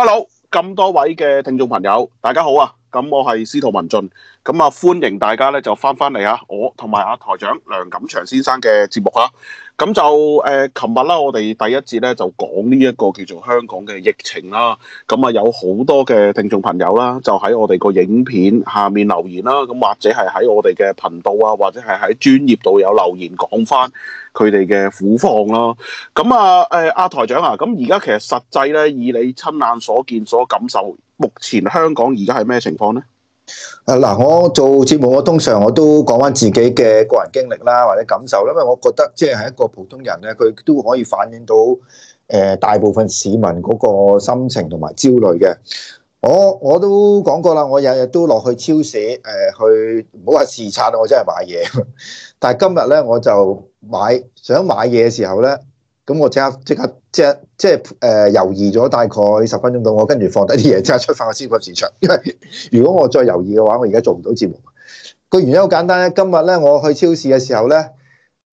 哈嘍，l l 咁多位嘅聽眾朋友，大家好啊！咁我係司徒文進，咁啊歡迎大家咧就返返嚟啊，我同埋阿台長梁錦祥先生嘅節目啦、啊。咁就誒，琴日啦，我哋第一節咧就講呢一個叫做香港嘅疫情啦、啊。咁啊有好多嘅聽眾朋友啦、啊，就喺我哋個影片下面留言啦、啊，咁或者係喺我哋嘅頻道啊，或者係喺專頁度有留言講返佢哋嘅苦況啦、啊。咁啊誒，阿、呃、台長啊，咁而家其實實際咧以你親眼所見所感受。目前香港而家係咩情況呢？啊嗱，我做節目，我通常我都講翻自己嘅個人經歷啦，或者感受啦，因為我覺得即係係一個普通人咧，佢都可以反映到誒、呃、大部分市民嗰個心情同埋焦慮嘅。我我都講過啦，我日日都落去超市誒、呃、去，唔好話視察，我真係買嘢。但係今日咧，我就買想買嘢嘅時候咧，咁我即刻即刻。即係即係誒、呃、猶豫咗大概十分鐘到，我跟住放低啲嘢，即刻出翻個消費市場。因為如果我再猶豫嘅話，我而家做唔到節目。個原因好簡單咧，今日咧我去超市嘅時候咧，誒、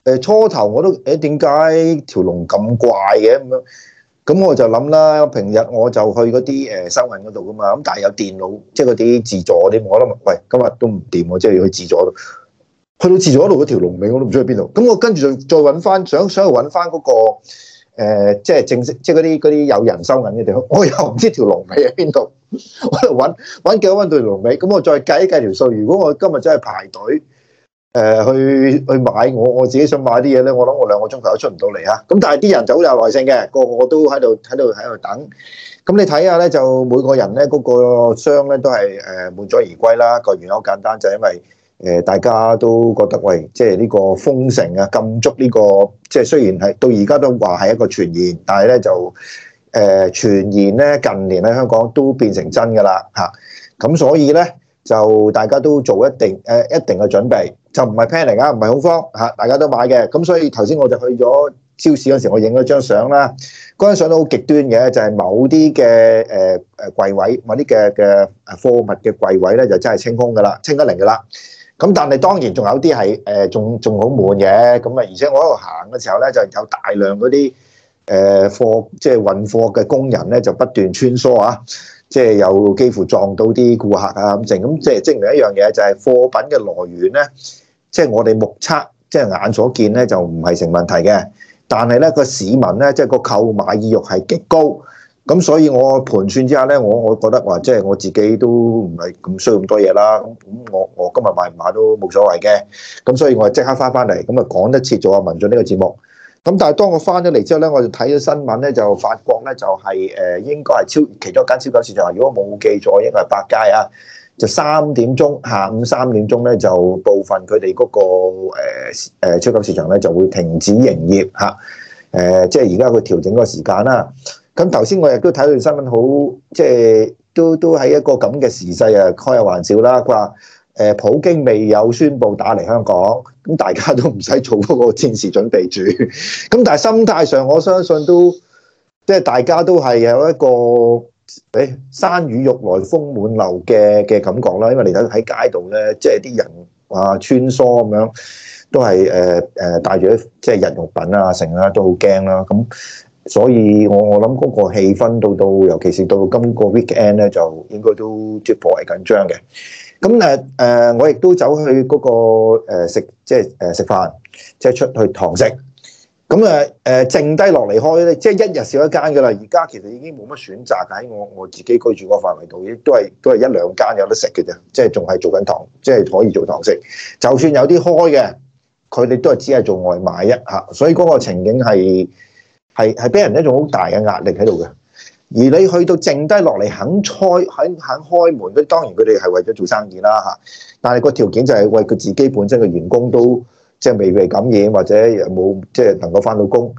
呃、初頭我都誒點解條龍咁怪嘅咁樣？咁我就諗啦，平日我就去嗰啲誒收銀嗰度噶嘛。咁但係有電腦，即係嗰啲自助啲，我諗都喂，今日都唔掂，我即係要去自助度。去到自助嗰度，嗰條龍尾我都唔知去邊度。咁我跟住就再揾翻，想想去揾翻嗰個。誒，即係正式，即係嗰啲嗰啲有人收銀嘅地方，我又唔知條龍尾喺邊度，我喺度揾揾幾多揾條龍尾，咁我再計一計條數。如果我今日真係排隊，誒去去買，我我自己想買啲嘢咧，我諗我兩個鐘頭都出唔到嚟啊！咁但係啲人就好有耐性嘅，個個都喺度喺度喺度等。咁你睇下咧，就每個人咧嗰個箱咧都係誒滿載而歸啦。個原因好簡單，就係因為。誒，大家都覺得喂，即係呢個封城啊、禁足呢個，即係雖然係到而家都話係一個傳言，但係咧就誒傳言咧，近年喺香港都變成真㗎啦嚇。咁所以咧就大家都做一定誒一定嘅準備，就唔係 panning 啊，唔係恐慌嚇，大家都買嘅。咁所以頭先我就去咗超市嗰時，我影咗張相啦。嗰張相都好極端嘅，就係某啲嘅誒誒櫃位，某啲嘅嘅誒貨物嘅櫃位咧，就真係清空㗎啦，清得嚟㗎啦。咁但係當然仲有啲係誒仲仲好悶嘅，咁啊而且我喺度行嘅時候咧，就有大量嗰啲誒貨即係運貨嘅工人咧，就不斷穿梭啊，即係有幾乎撞到啲顧客啊咁滯，咁即係證明一樣嘢就係貨品嘅來源咧，即係我哋目測即係眼所見咧，就唔係成問題嘅。但係咧個市民咧，即係個購買意欲係極高。咁所以，我盤算之下咧，我我覺得話，即係我自己都唔係咁需要咁多嘢啦。咁咁，我我今日買唔買都冇所謂嘅。咁所以我就，我即刻翻翻嚟，咁啊趕得切咗阿文進呢個節目。咁但係，當我翻咗嚟之後咧，我就睇咗新聞咧，就發覺咧就係誒應該係超其中一間超級市場。如果冇記錯，應該係百佳啊，就三點鐘下午三點鐘咧，就部分佢哋嗰個誒超級市場咧就會停止營業嚇。誒、啊，即係而家佢調整個時間啦、啊。咁頭先我亦都睇到條新聞，好即係都都喺一個咁嘅時勢啊，開下玩笑啦。佢話誒普京未有宣布打嚟香港，咁大家都唔使做嗰個戰時準備住。咁但係心態上，我相信都即係大家都係有一個誒、哎、山雨欲來風滿樓嘅嘅感覺啦。因為你睇喺街度咧，即係啲人話、啊、穿梭咁樣，都係誒誒帶住啲即係日用品啊，成啊都好驚啦。咁、嗯所以我我諗嗰個氣氛到到，尤其是到今個 weekend 咧，就應該都即係頗為緊張嘅。咁啊，誒、呃，我亦都走去嗰、那個誒、呃、食，即係誒食飯，即係出去堂食。咁啊，誒、呃，剩低落嚟開咧，即係一日少一間噶啦。而家其實已經冇乜選擇，喺我我自己居住嗰個範圍度，亦都係都係一兩間有得食嘅啫。即係仲係做緊堂，即係可以做堂食。就算有啲開嘅，佢哋都係只係做外賣一吓，所以嗰個情景係。係係俾人一種好大嘅壓力喺度嘅，而你去到剩低落嚟肯開肯肯開門，當然佢哋係為咗做生意啦嚇。但係個條件就係為佢自己本身嘅員工都即係未被感染或者冇即係能夠翻到工。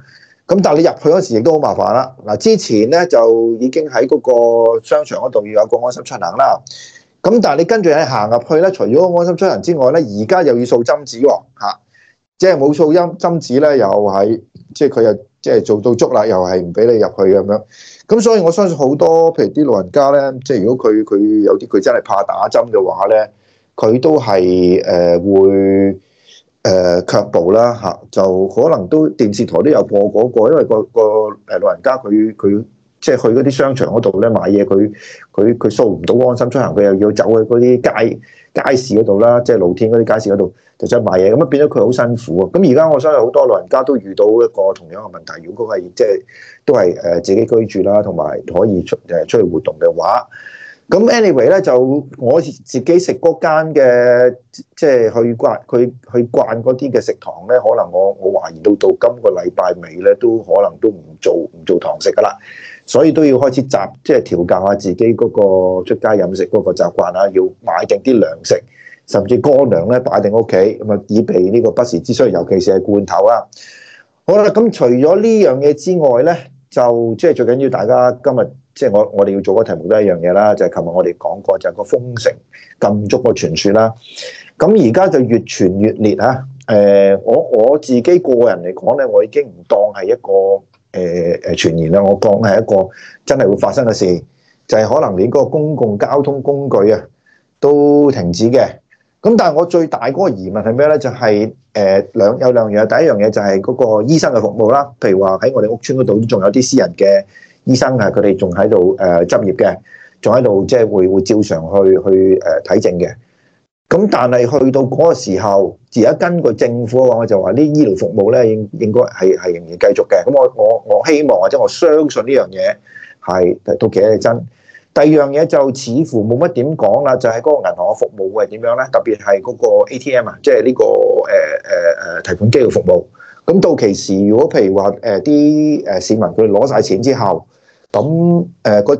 咁但係你入去嗰時亦都好麻煩啦。嗱，之前咧就已經喺嗰個商場嗰度要有個安心出行啦。咁但係你跟住你行入去咧，除咗安心出行之外咧，而家又要掃針紙喎，即係冇掃針針紙咧又喺即係佢又。即係做到足啦，又係唔俾你入去咁樣。咁所以我相信好多，譬如啲老人家咧，即係如果佢佢有啲佢真係怕打針嘅話咧，佢都係誒、呃、會誒、呃、卻步啦嚇、啊。就可能都電視台都有播嗰個，因為個個誒老人家佢佢即係去嗰啲商場嗰度咧買嘢，佢佢佢掃唔到安心出行，佢又要走去嗰啲街，街市嗰度啦，即係露天嗰啲街市嗰度，就出去買嘢，咁啊變咗佢好辛苦啊！咁而家我相信好多老人家都遇到一個同樣嘅問題，如果係即係都係誒自己居住啦，同埋可以出誒出去活動嘅話，咁 anyway 咧就我自己食嗰間嘅，即係去，去，去，去慣佢去慣嗰啲嘅食堂咧，可能我我懷疑到到今個禮拜尾咧，都可能都唔做唔做堂食噶啦。所以都要開始習，即係調教下自己嗰個出街飲食嗰個習慣，要買定啲糧食，甚至乾糧咧擺定屋企咁啊，以備呢個不時之需。尤其是係罐頭啊。好啦，咁除咗呢樣嘢之外咧，就即係最緊要大家今日即係我我哋要做個題目都係一樣嘢啦，就係琴日我哋講過就個封城禁足個傳說啦。咁而家就越傳越烈啊！誒、呃，我我自己個人嚟講咧，我已經唔當係一個。誒誒、呃、傳言咧，我講係一個真係會發生嘅事，就係、是、可能連嗰個公共交通工具啊都停止嘅。咁但係我最大嗰個疑問係咩咧？就係誒兩有兩樣嘢，第一樣嘢就係嗰個醫生嘅服務啦。譬如話喺我哋屋村嗰度，仲有啲私人嘅醫生係佢哋仲喺度誒執業嘅，仲喺度即係會會照常去去誒睇症嘅。咁但係去到嗰個時候，而家根據政府嘅話，我就話啲醫療服務咧應應該係係仍然繼續嘅。咁我我我希望或者我相信呢樣嘢係到期係真。第二樣嘢就似乎冇乜點講啦，就係、是、嗰個銀行嘅服務會係點樣咧？特別係嗰個 ATM 啊、這個，即係呢個誒誒誒提款機嘅服務。咁到期時，如果譬如話誒啲誒市民佢攞晒錢之後，咁誒嗰啲誒誒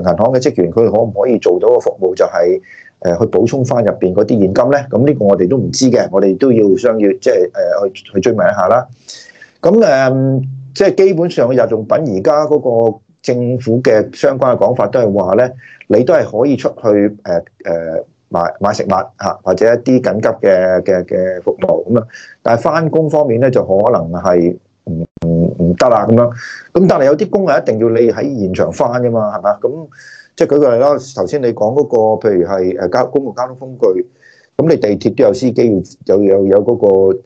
銀行嘅職員佢可唔可以做到個服務就係、是？誒去補充翻入邊嗰啲現金咧，咁呢個我哋都唔知嘅，我哋都要想要即係誒去去追問一下啦。咁誒，即、嗯、係、就是、基本上日用品而家嗰個政府嘅相關嘅講法都係話咧，你都係可以出去誒誒、呃、買買食物嚇，或者一啲緊急嘅嘅嘅服務咁啊。但係翻工方面咧，就可能係唔唔唔得啦咁樣。咁但係有啲工係一定要你喺現場翻噶嘛，係嘛？咁。即係舉個例啦，頭先你講嗰個，譬如係誒交公共交通工具，咁你地鐵都有司機，要有有有嗰個誒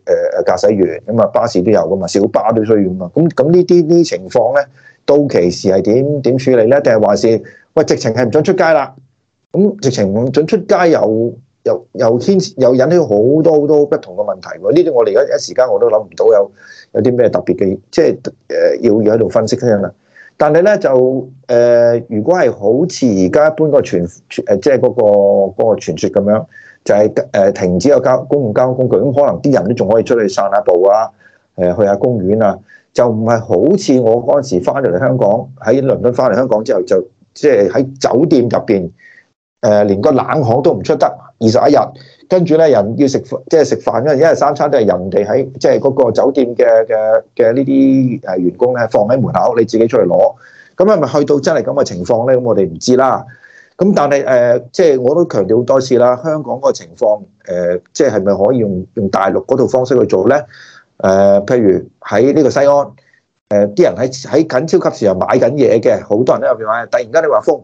誒駕駛員，咁啊巴士都有噶嘛，小巴都需要啊嘛。咁咁呢啲呢情況咧，到期時係點點處理咧？定係還是，還是喂直情係唔准出街啦？咁直情唔准出街又，又又又牽又引起好多好多，多不同嘅問題。呢啲我哋而家一時間我都諗唔到有有啲咩特別嘅，即係誒要要喺度分析先啦。但係咧就誒、呃，如果係好似而家一般傳傳、呃就係嗰個嗰個傳誒，即係嗰個嗰個傳說咁樣，就係、係、誒、呃、停止個交公共交通工具，咁可能啲人都仲可以出去散下步啊，誒、呃、去下公園啊，就唔係好似我嗰時翻嚟香港喺倫敦翻嚟香港之後就，就即係喺酒店入邊誒，連個冷巷都唔出得。二十一日，跟住咧人要食即係食飯，因為一日三餐都係人哋喺即係嗰個酒店嘅嘅嘅呢啲誒員工咧放喺門口，你自己出嚟攞。咁係咪去到真係咁嘅情況咧？咁我哋唔知啦。咁但係誒、呃，即係我都強調好多次啦，香港個情況誒、呃，即係係咪可以用用大陸嗰套方式去做咧？誒、呃，譬如喺呢個西安，誒、呃、啲人喺喺緊超級市場買緊嘢嘅，好多人都入邊買，突然間你話封。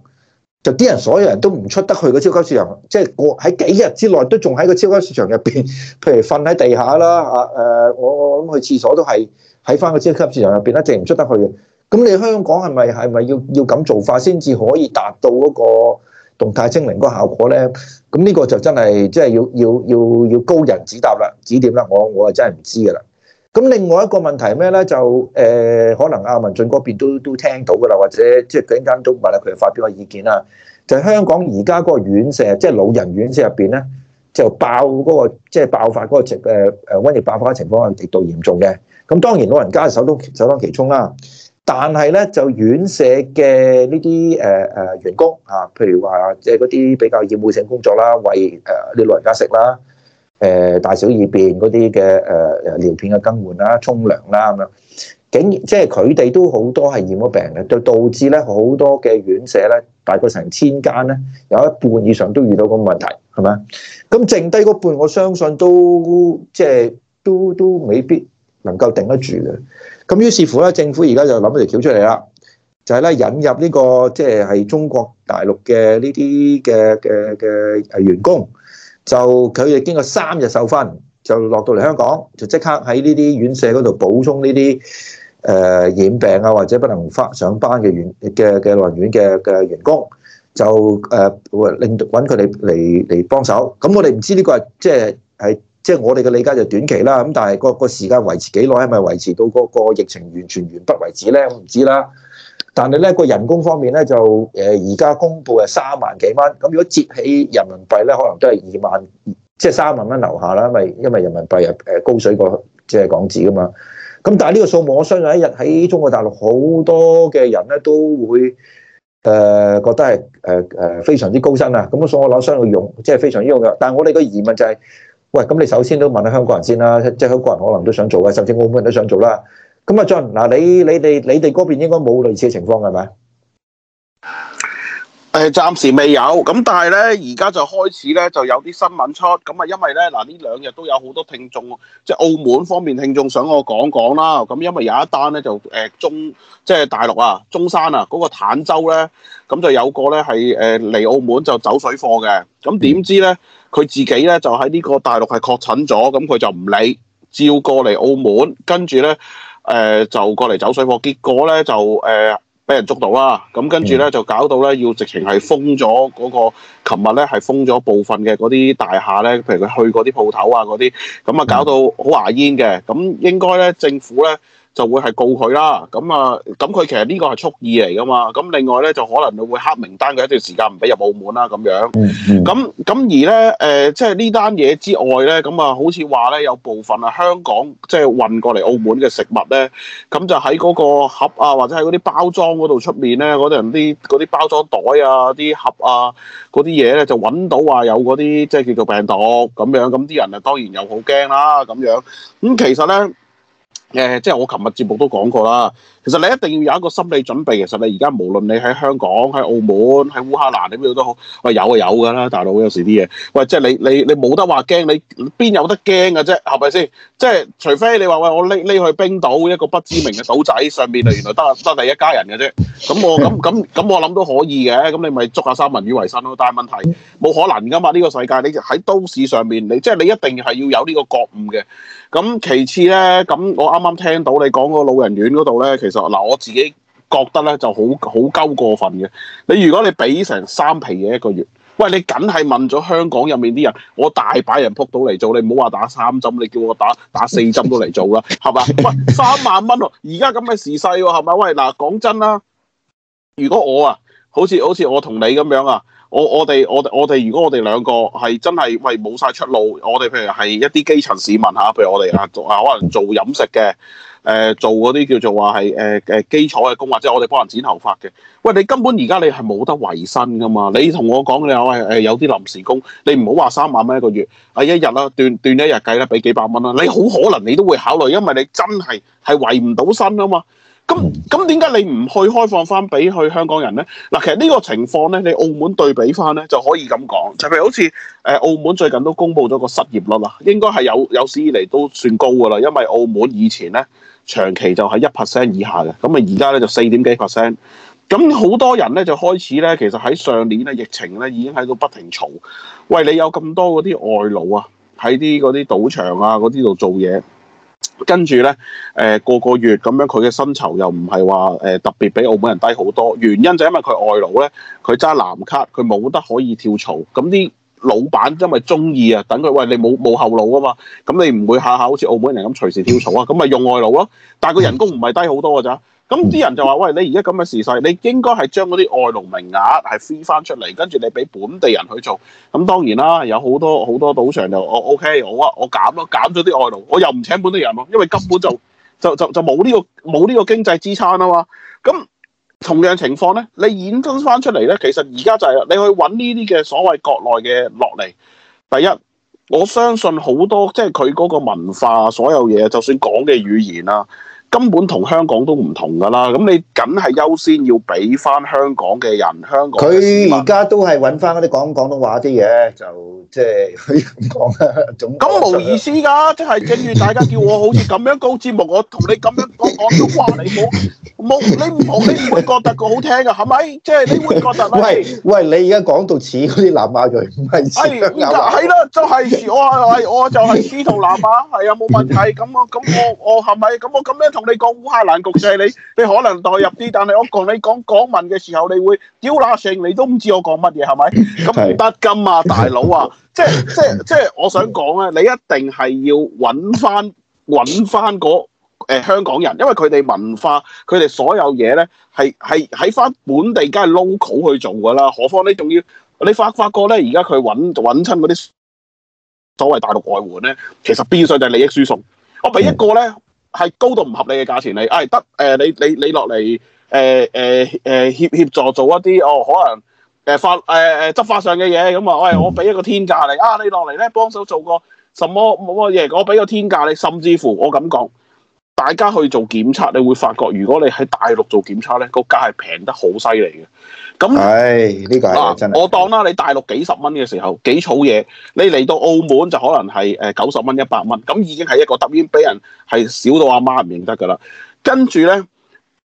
就啲人，所有人都唔出得去個超級市場，即係我喺幾日之內都仲喺個超級市場入邊，譬如瞓喺地下啦，啊、呃、誒，我我諗去廁所都係喺翻個超級市場入邊一直唔出得去嘅。咁你香港係咪係咪要要咁做法先至可以達到嗰個動態清零嗰個效果咧？咁呢個就真係即係要要要要高人指答啦、指點啦，我我啊真係唔知㗎啦。咁另外一個問題係咩咧？就誒、呃、可能阿文進嗰邊都都聽到㗎啦，或者即係最近都問下佢發表個意見啦。就是、香港而家嗰個院舍，即係老人院舍入邊咧，就爆嗰、那個即係、就是、爆發嗰、那個疫誒瘟疫爆發嘅情況係極度嚴重嘅。咁當然老人家係首當首當其衝啦，但係咧就院舍嘅呢啲誒誒員工啊，譬如話即係嗰啲比較厭惡性工作啦，餵誒啲老人家食啦。誒大小二便嗰啲嘅誒誒尿片嘅更換啦、沖涼啦咁樣，竟然即係佢哋都好多係染咗病嘅，就導致咧好多嘅院舍咧，大概成千間咧，有一半以上都遇到個問題，係咪啊？咁剩低嗰半，我相信都即係都都未必能夠頂得住嘅。咁於是乎咧，政府而家就諗咗條橋出嚟啦，就係、是、咧引入呢、這個即係係中國大陸嘅呢啲嘅嘅嘅誒員工。就佢哋經過三日受訓，就落到嚟香港，就即刻喺呢啲院舍嗰度補充呢啲誒染病啊，或者不能返上班嘅院嘅嘅老人院嘅嘅員工，就誒令到揾佢哋嚟嚟幫手。咁、嗯、我哋唔知呢個即係係即係我哋嘅理解就短期啦。咁但係、嗰個、嗰個時間維持幾耐，係咪維持到嗰個疫情完全完畢為止咧？我唔知啦。但係咧個人工方面咧就誒而家公布係三萬幾蚊，咁如果折起人民幣咧，可能都係二萬，即係三萬蚊樓下啦。因為因為人民幣係誒高水過即係港紙㗎嘛。咁但係呢個數目我相信一日喺中國大陸好多嘅人咧都會誒、呃、覺得係誒誒非常之高薪啊。咁所以我攞去用，即係非常之用嘅。但係我哋個疑問就係：喂，咁你首先都問下香港人先啦，即係香港人可能都想做嘅，甚至澳門人都想做啦。咁阿俊，嗱你你哋你哋嗰邊應該冇類似嘅情況係咪？誒，暫時未有。咁但係咧，而家就開始咧，就有啲新聞出。咁啊，因為咧，嗱呢兩日都有好多聽眾，即係澳門方面聽眾想我講講啦。咁因為有一單咧，就誒中，即係大陸啊，中山啊，嗰個坦洲咧，咁就有個咧係誒嚟澳門就走水貨嘅。咁點知咧，佢自己咧就喺呢個大陸係確診咗，咁佢就唔理，照過嚟澳門，跟住咧。誒、呃、就過嚟走水貨，結果咧就誒俾、呃、人捉到啦。咁跟住咧就搞到咧要直情係封咗嗰、那個，琴日咧係封咗部分嘅嗰啲大廈咧，譬如佢去嗰啲鋪頭啊嗰啲，咁啊搞到好牙煙嘅。咁、嗯、應該咧政府咧，就會係告佢啦，咁、嗯、啊，咁、嗯、佢其實呢個係蓄意嚟噶嘛，咁另外咧就可能你會黑名單嘅一段時間唔俾入澳門啦，咁樣。咁咁、嗯嗯嗯、而咧，誒、呃，即係呢單嘢之外咧，咁、嗯、啊，好似話咧有部分啊香港即係運過嚟澳門嘅食物咧，咁就喺嗰個盒啊，或者喺嗰啲包裝嗰度出面咧，嗰啲人啲啲包裝袋啊、啲盒啊嗰啲嘢咧，就揾到話有嗰啲即係叫做病毒咁樣，咁啲人啊當然又好驚啦，咁樣。咁其實咧。誒、呃，即係我琴日節目都講過啦。其實你一定要有一個心理準備。其實你而家無論你喺香港、喺澳門、喺烏克蘭，你邊度都好。喂、哎，有啊有噶啦，大佬。有時啲嘢，喂，即係你你你冇得話驚，你邊有得驚嘅啫？係咪先？即係除非你話喂，我匿匿去冰島一個不知名嘅島仔上邊原來得得你一家人嘅啫。咁我咁咁咁，我諗都可以嘅。咁你咪捉下三文魚為生咯。但係問題冇可能噶嘛？呢、這個世界，你喺都市上面，你，你即係你一定係要有呢個覺悟嘅。咁其次咧，咁我啱啱聽到你講個老人院嗰度咧，其實嗱我自己覺得咧就好好鳩過分嘅。你如果你俾成三皮嘢一個月，喂，你梗係問咗香港入面啲人，我大把人撲到嚟做，你唔好話打三針，你叫我打打四針都嚟做啦，係嘛？ 喂，三萬蚊喎，而家咁嘅時勢喎、啊，係咪？喂，嗱，講真啦，如果我啊，好似好似我同你咁樣啊。我我哋我哋我哋如果我哋兩個係真係喂，冇晒出路，我哋譬如係一啲基層市民嚇，譬如我哋啊做啊可能做飲食嘅，誒、呃、做嗰啲叫做話係誒誒基礎嘅工，或者我哋幫人剪頭髮嘅，喂，你根本而家你係冇得維生噶嘛？你同我講嘅有誒誒、呃、有啲臨時工，你唔好話三萬蚊一個月，啊一日啦，斷斷一日計啦，俾幾百蚊啦，你好可能你都會考慮，因為你真係係維唔到生噶嘛。咁咁點解你唔去開放翻俾去香港人呢？嗱，其實呢個情況呢，你澳門對比翻呢就可以咁講，就譬如好似誒澳門最近都公布咗個失業率啦，應該係有有史以嚟都算高噶啦，因為澳門以前呢長期就係一 percent 以下嘅，咁啊而家呢就四點幾 percent，咁好多人呢就開始呢，其實喺上年呢疫情呢已經喺度不停嘈，喂，你有咁多嗰啲外勞啊喺啲嗰啲賭場啊嗰啲度做嘢。那跟住咧，誒個個月咁樣，佢嘅薪酬又唔係話誒特別比澳門人低好多。原因就因為佢外勞咧，佢揸藍卡，佢冇得可以跳槽。咁啲老闆因為中意啊，等佢喂你冇冇後路啊嘛，咁你唔會下下好似澳門人咁隨時跳槽啊，咁咪用外勞囉。但係個人工唔係低好多㗎咋。咁啲人就話，喂，你而家咁嘅時勢，你應該係將嗰啲外勞名額係 free 翻出嚟，跟住你俾本地人去做。咁當然啦，有好多好多賭場就、哦 okay，好啊、我 OK，我我減咯，減咗啲外勞，我又唔請本地人咯，因為根本就就就就冇呢、個冇呢個經濟支撐啊嘛。咁同樣情況咧，你延伸翻出嚟咧，其實而家就係你去揾呢啲嘅所謂國內嘅落嚟。第一，我相信好多即係佢嗰個文化，所有嘢，就算講嘅語言啊。根本同香港都唔同噶啦，咁你梗係優先要俾翻香港嘅人香港。佢而家都係揾翻嗰啲講廣東話啲嘢，就即係佢咁咁講啦。無意思噶，即係正如大家叫我好似咁樣高節目，我同你咁樣講我，我都話，你冇冇你冇你唔會覺得佢好聽啊？係咪？即係你會覺得？喂喂，你而家講到似嗰啲南亞裔唔係？哎，啦、啊，就係我係我就係司徒南亞，係啊，冇問題。咁我咁我我係咪咁我咁樣同？嗯你講烏克蘭局勢，你你可能代入啲，但係我講你講港文嘅時候，你會屌乸性，你都唔知我講乜嘢係咪？咁唔得噶嘛，大佬啊！ 即係即係即係，我想講咧，你一定係要揾翻揾翻嗰誒香港人，因為佢哋文化，佢哋所有嘢咧係係喺翻本地，梗係 local 去做㗎啦。何況你仲要你發唔發覺咧？而家佢揾揾親嗰啲所謂大陸外援咧，其實變相就係利益輸送。我俾一個咧。嗯係高度唔合理嘅價錢你哎得，誒、呃、你你你落嚟，誒誒誒協協助做一啲哦，可能誒、呃、法誒誒、呃、執法上嘅嘢，咁、嗯、啊，喂、哎、我俾一個天價你，啊你落嚟咧幫手做個什麼冇乜嘢，我俾個天價你，甚至乎我噉講大家去做檢測，你會發覺如果你喺大陸做檢測咧，個價係平得好犀利嘅。咁係呢個係、啊、真我當啦，你大陸幾十蚊嘅時候幾草嘢，你嚟到澳門就可能係誒九十蚊一百蚊，咁已經係一個突變，俾人係少到阿媽唔認得㗎啦。跟住咧，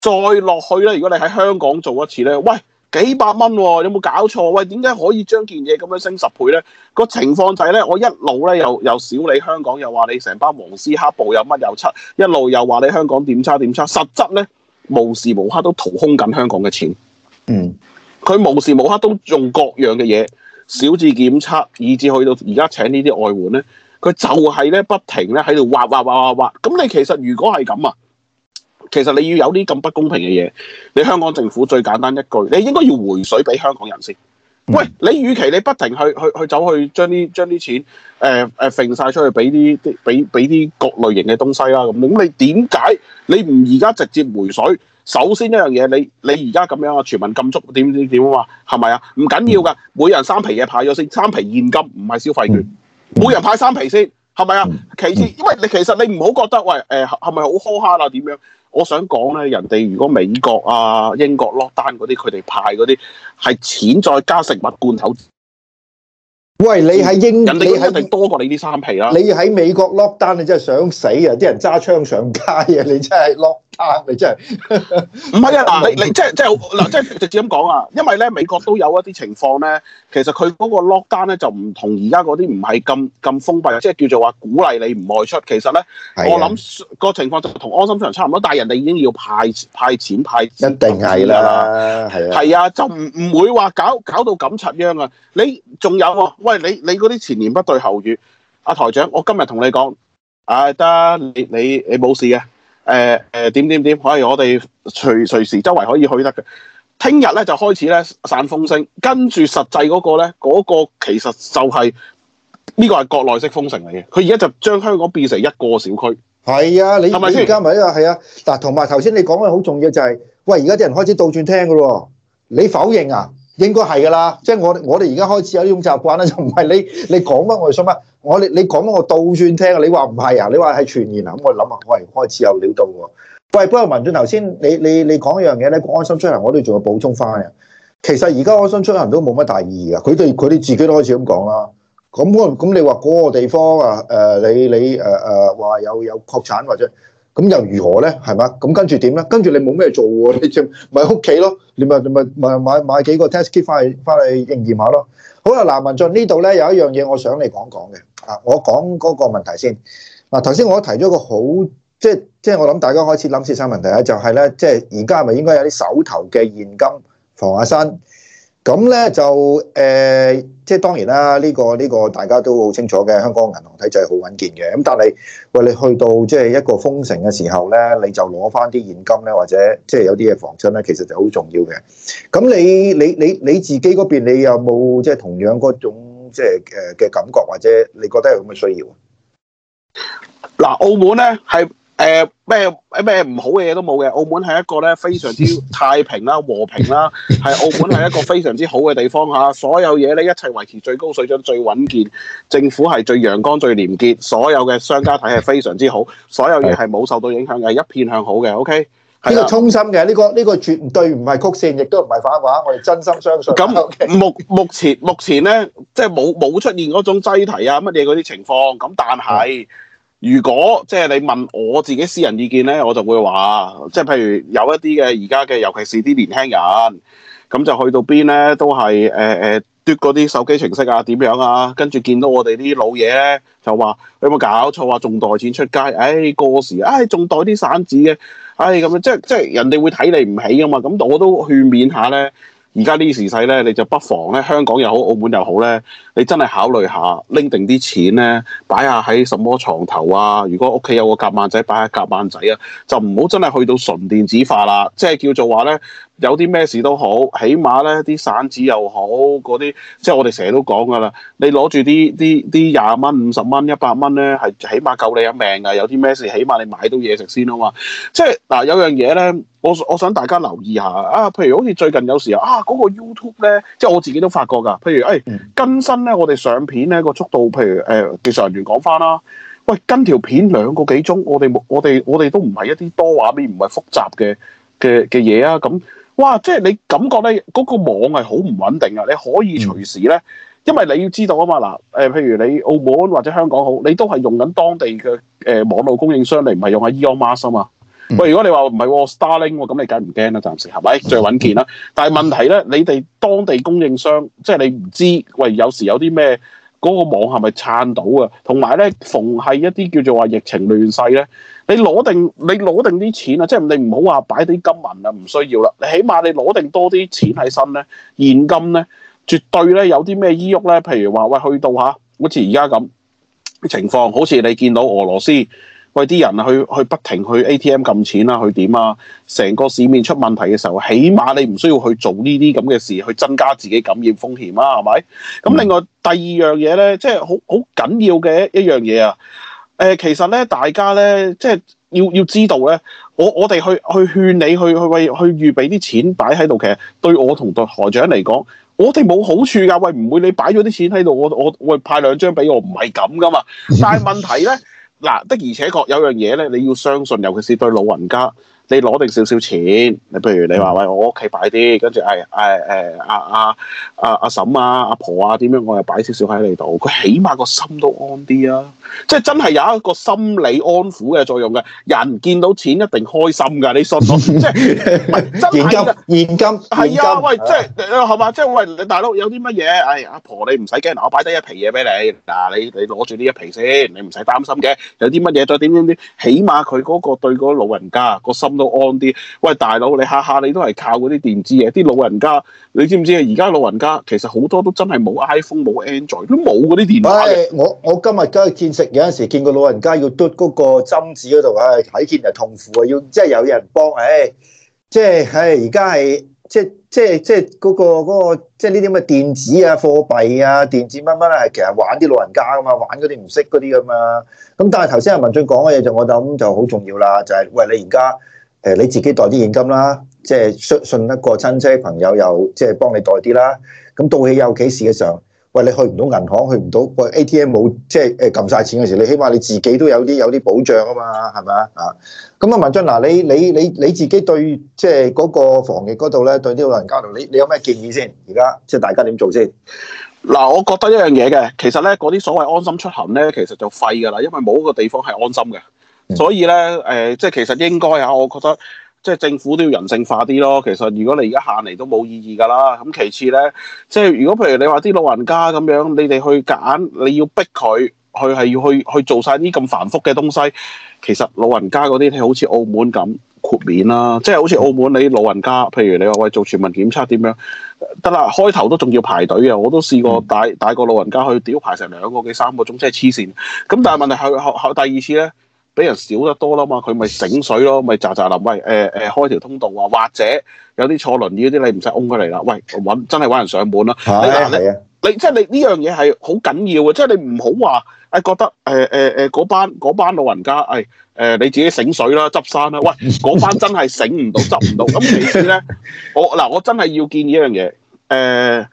再落去咧，如果你喺香港做一次咧，喂，幾百蚊喎，啊，有冇搞錯？喂，點解可以將件嘢咁樣升十倍咧？個情況就係咧，我一路咧又又小你香港，又話你成班黃絲黑暴又乜又七，一路又話你香港點差點差，實質咧無時無刻都掏空緊香港嘅錢。嗯。佢無時無刻都用各樣嘅嘢，小至檢測，以至去到而家請呢啲外援咧，佢就係咧不停咧喺度挖挖挖挖挖。咁你其實如果係咁啊，其實你要有啲咁不公平嘅嘢，你香港政府最簡單一句，你應該要回水俾香港人先。喂，你與其你不停去去去走去將啲將啲錢誒誒揈晒出去俾啲啲俾俾啲各類型嘅東西啦，咁咁你點解你唔而家直接回水？首先一樣嘢，你你而家咁樣啊，全民禁足點點點啊嘛，係咪啊？唔緊要噶，每人三皮嘢派咗先，三皮現金唔係消費券，每人派三皮先，係咪啊？其次，因為你其實你唔好覺得喂誒係咪好苛刻啊點樣？我想講咧，人哋如果美國啊、英國 lockdown 嗰啲，佢哋派嗰啲係錢再加食物罐頭。喂，你喺英，人哋一定多過你啲三皮啦。你喺美國 lockdown 你真係想死啊！啲人揸槍上街啊！你真係 lockdown 你真係唔係啊？嗱，你你即係即係嗱，即係直接咁講啊！因為咧，美國都有一啲情況咧，其實佢嗰個 lockdown 咧就唔同而家嗰啲唔係咁咁封閉啊，即、就、係、是、叫做話鼓勵你唔外出。其實咧，啊、我諗個情況就同安心上差唔多，但係人哋已經要派派錢派錢。派錢一定係啦，係啊，係啊，啊，就唔唔會話搞搞到咁插秧啊！你仲有喎？喂！你你嗰啲前言不對後語，阿台長，我今日同你講，唉得，你你你冇事嘅，誒誒點點點，可以我哋隨隨時周圍可以去得嘅，聽日咧就開始咧散風聲，跟住實際嗰個咧嗰個其實就係呢個係國內式封城嚟嘅，佢而家就將香港變成一個小區，係啊，你而家咪呢個係啊，嗱同埋頭先你講嘅好重要就係，喂而家啲人開始倒轉聽嘅咯，你否認啊？應該係㗎啦，即係我我哋而家開始有呢種習慣啦，就唔係你你講乜我哋想乜，我你你講乜我倒轉聽啊！你話唔係啊？你話係傳言啊？咁我諗下，我係開始有料到喎。喂，不過文進頭先你你你講一樣嘢咧，安心出行我都仲要補充翻嘅。其實而家安心出行都冇乜大意義啊！佢哋佢哋自己都開始咁講啦。咁我咁你話嗰個地方啊？誒、呃、你你誒誒話有有確診或者？咁又如何呢？係嘛？咁跟住點呢？跟住你冇咩做喎？你即係咪屋企咯？你咪咪咪買買，買幾個 test kit 翻去翻去應驗驗下咯。好啦，嗱，文進呢度呢有一樣嘢，我想你講講嘅。啊，我講嗰個問題先。嗱，頭先我提咗個好，即係即係我諗大家開始諗先生問題咧，就係、是、呢，即係而家係咪應該有啲手頭嘅現金防下身？咁咧就誒、呃，即係當然啦，呢、呢個呢、呢個大家都好清楚嘅，香港銀行體制係好穩健嘅。咁但係，喂，你去到即係一個封城嘅時候咧，你就攞翻啲現金咧，或者即係有啲嘢防身咧，其實就好重要嘅。咁你你你你自己嗰邊，你有冇即係同樣嗰種即係誒嘅感覺，或者你覺得有咩需要？嗱、呃，澳門咧係。誒，咩咩唔好嘅嘢都冇嘅。澳門係一個咧非常之太平啦、和平啦，係 澳門係一個非常之好嘅地方吓。所有嘢咧一切維持最高水準、最穩健，政府係最陽光、最廉潔，所有嘅商家體係非常之好，所有嘢係冇受到影響嘅， 一片向好嘅。OK，呢、啊、個衷心嘅，呢、呢個呢、呢個絕對唔係曲線，亦都唔係反話。我哋真心相信樣。咁目 目前目前咧，即係冇冇出現嗰種擠提啊乜嘢嗰啲情況。咁但係。 如果即係你問我自己私人意見咧，我就會話，即係譬如有一啲嘅而家嘅，尤其是啲年輕人，咁就去到邊咧都係誒誒嘟嗰啲手機程式啊點樣啊，跟住見到我哋啲老嘢咧就話你有冇搞錯啊，仲袋錢出街，唉、哎、過時，唉仲袋啲散紙嘅，唉、哎、咁樣即係即係人哋會睇你唔起噶嘛，咁我都勸勉下咧。而家呢時勢咧，你就不妨咧，香港又好，澳門又好咧，你真係考慮下拎定啲錢咧，擺下喺什麼床頭啊，如果屋企有個夾萬仔，擺下夾萬仔啊，就唔好真係去到純電子化啦。即係叫做話咧，有啲咩事都好，起碼咧啲散紙又好，嗰啲即係我哋成日都講㗎啦。你攞住啲啲啲廿蚊、五十蚊、一百蚊咧，係起碼夠你一命㗎。有啲咩事，起碼你買到嘢食先啊嘛。即係嗱，啊，有樣嘢咧。我我想大家留意下啊，譬如好似最近有時候啊，嗰、那個 YouTube 咧，即係我自己都發覺㗎。譬如誒、哎、更新咧，我哋上片咧，個速度，譬如誒、呃、技術人員講翻啦，喂，跟條片兩個幾鐘，我哋我哋我哋都唔係一啲多畫面唔係複雜嘅嘅嘅嘢啊。咁哇，即係你感覺咧嗰、那個網係好唔穩定啊！你可以隨時咧，因為你要知道啊嘛嗱，誒、呃，譬如你澳門或者香港好，你都係用緊當地嘅誒、呃、網絡供應商，你唔係用阿 Elon Musk 啊嘛。喂，如果你話唔係、哦、Starling，咁、哦、你梗唔驚啦？暫時係咪 最穩健啦？但係問題咧，你哋當地供應商，即係你唔知，喂，有時有啲咩嗰個網係咪撐到啊？同埋咧，逢係一啲叫做話疫情亂世咧，你攞定你攞定啲錢啊！即係你唔好話擺啲金銀啊，唔需要啦。你起碼你攞定多啲錢喺身咧，現金咧，絕對咧有啲咩依郁咧，譬如話喂，去到吓，好似而家咁情況，好似你見到俄羅斯。喂！啲人去去不停去 ATM 撳錢啊，去點啊？成個市面出問題嘅時候，起碼你唔需要去做呢啲咁嘅事，去增加自己感染風險啊？係咪？咁另外第二樣嘢咧，即係好好緊要嘅一樣嘢啊！誒、呃，其實咧，大家咧，即係要要知道咧，我我哋去去勸你去去為去預備啲錢擺喺度，其實對我同對台長嚟講，我哋冇好處噶。喂，唔會你擺咗啲錢喺度，我我會派兩張俾我，唔係咁噶嘛。但係問題咧。 嗱，的而且確有樣嘢咧，你要相信，尤其是對老人家。你攞定少少錢，你譬如你話喂我屋企擺啲，跟住係誒誒阿阿阿阿嬸啊阿、啊、婆啊點樣，我又擺少少喺你度，佢起碼個心都安啲啊！即係真係有一個心理安撫嘅作用嘅。人見到錢一定開心㗎，你信即係現金現金係啊！喂，即係係嘛？即係喂你大佬有啲乜嘢？誒阿婆你唔使驚，嗱我擺低一皮嘢俾你，嗱、啊、你你攞住呢一皮先，你唔使擔心嘅。有啲乜嘢再點點點，起碼佢嗰個對嗰老人家個，老人家個心都安啲， 喂大佬，你下下你都係靠嗰啲電子嘢，啲老人家你知唔知啊？而家老人家其實好多都真係冇 iPhone 冇 Android，都冇嗰啲電話嘅。我我今日今日見食有陣時見個老人家要嘟嗰個針紙嗰度，唉，睇見就痛苦啊！要即係有人幫，唉，即係係而家係即即即嗰個嗰個即係呢啲咁嘅電子啊、貨幣啊、電子乜乜啊，其實玩啲老人家噶嘛，玩嗰啲唔識嗰啲噶嘛。咁但係頭先阿文進講嘅嘢就我諗就好重要啦，就係喂你而家。誒、呃、你自己袋啲現金啦，即係信信得過親戚朋友又即係幫你袋啲啦。咁到起有幾事嘅時候，喂你去唔到銀行，去唔到喂 ATM 冇，即係誒撳晒錢嘅時候，你起碼你自己都有啲有啲保障啊嘛，係咪啊？咁、嗯、啊文俊嗱，你你你你自己對即係嗰個防疫嗰度咧，對啲老人家度，你你有咩建議先？而家即係大家點做先？嗱，我覺得一樣嘢嘅，其實咧嗰啲所謂安心出行咧，其實就廢㗎啦，因為冇一個地方係安心嘅。所以咧，誒、呃，即係其實應該啊，我覺得即係政府都要人性化啲咯。其實如果你而家限嚟都冇意義㗎啦。咁其次咧，即係如果譬如你話啲老人家咁樣，你哋去揀，你要逼佢，佢係要去去，去做晒呢咁繁複嘅東西。其實老人家嗰啲，好似澳門咁豁免啦、啊，即係好似澳門你老人家，譬如你話喂做全民檢測點樣得啦？開頭都仲要排隊呀，我都試過帶帶個老人家去屌排成兩個幾三個鐘，即係黐線。咁但係問題係後後第二次咧。俾人少得多啦嘛，佢咪醒水咯，咪喳喳林，喂誒誒開條通道啊，或者有啲坐輪椅嗰啲你唔使擁佢嚟啦，喂揾真係揾人上門啦。係啊，你即係你呢樣嘢係好緊要啊，即係你唔好話誒覺得誒誒誒嗰班嗰班老人家誒誒、哎呃、你自己醒水啦執衫啦，喂嗰班真係醒唔到執唔到，咁 其次咧，我嗱我真係要建議一樣嘢誒。呃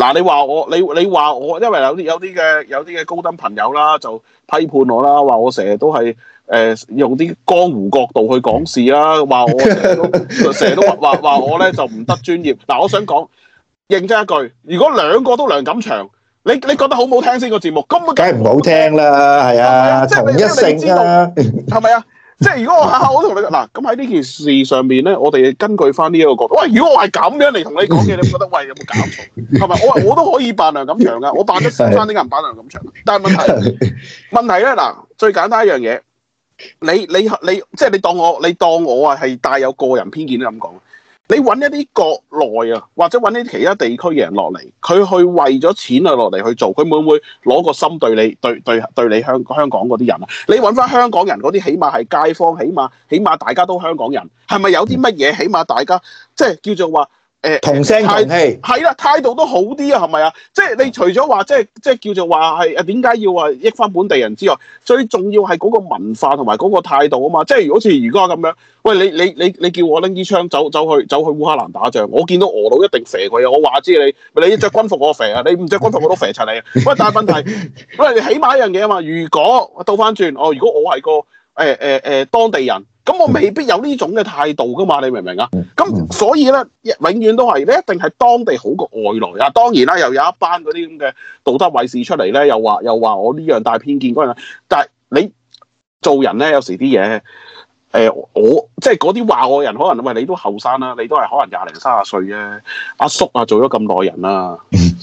嗱，你話我，你你話我，因為有啲有啲嘅有啲嘅高登朋友啦，就批判我啦，話我成日都係誒用啲江湖角度去講事啦，話我成日都成日都話話話我咧就唔得專業。嗱，我想講認真一句，如果兩個都梁錦祥，你你覺得好唔好聽先個節目？咁梗係唔好聽啦，係啊，同一性啊，係咪啊？即係如果我下下我同你嗱咁喺呢件事上面咧，我哋根據翻呢一個角度。喂，如果我係咁樣嚟同你講嘅，你會覺得喂有冇搞錯？係咪我我都可以扮良咁長㗎？我扮得翻啲人扮良咁長。但係問題 問題咧嗱，最簡單一樣嘢，你你你，你即係你當我你當我啊係帶有個人偏見都咁講。你揾一啲國內啊，或者揾啲其他地區嘅人落嚟，佢去為咗錢啊落嚟去做，佢會唔會攞個心對你對對對你香香港嗰啲人啊？你揾翻香港人嗰啲，起碼係街坊，起碼起碼大家都香港人，係咪有啲乜嘢？起碼大家即係叫做話。誒，同聲同氣係啦，呃，態度都好啲啊，係咪啊？即係你除咗話，即係即係叫做話係誒，點解要話益翻本地人之外，最重要係嗰個文化同埋嗰個態度啊嘛。即係如果好似如果咁樣，喂你你你你叫我拎支槍走走，走去走去烏克蘭打仗，我見到俄佬一定肥佢啊！我話知你，你着軍服我肥啊，你唔着軍服我都肥柒 你啊！喂，但係問題，喂你 起碼一樣嘢啊嘛。如果倒翻轉，哦，如果我係個誒誒誒當地人。 咁我未必有呢種嘅態度㗎嘛，你明唔明啊？咁所以咧，永遠都係咧，你一定係當地好過外來。嗱，當然啦，又有一班嗰啲咁嘅道德衞士出嚟咧，又話又話我呢樣大偏見嗰樣。但係你做人咧，有時啲嘢，誒、呃，我即係嗰啲話我人，可能喂你都後生啦，你都係可能廿零三十歲啫。阿叔啊，叔做咗咁耐人啦，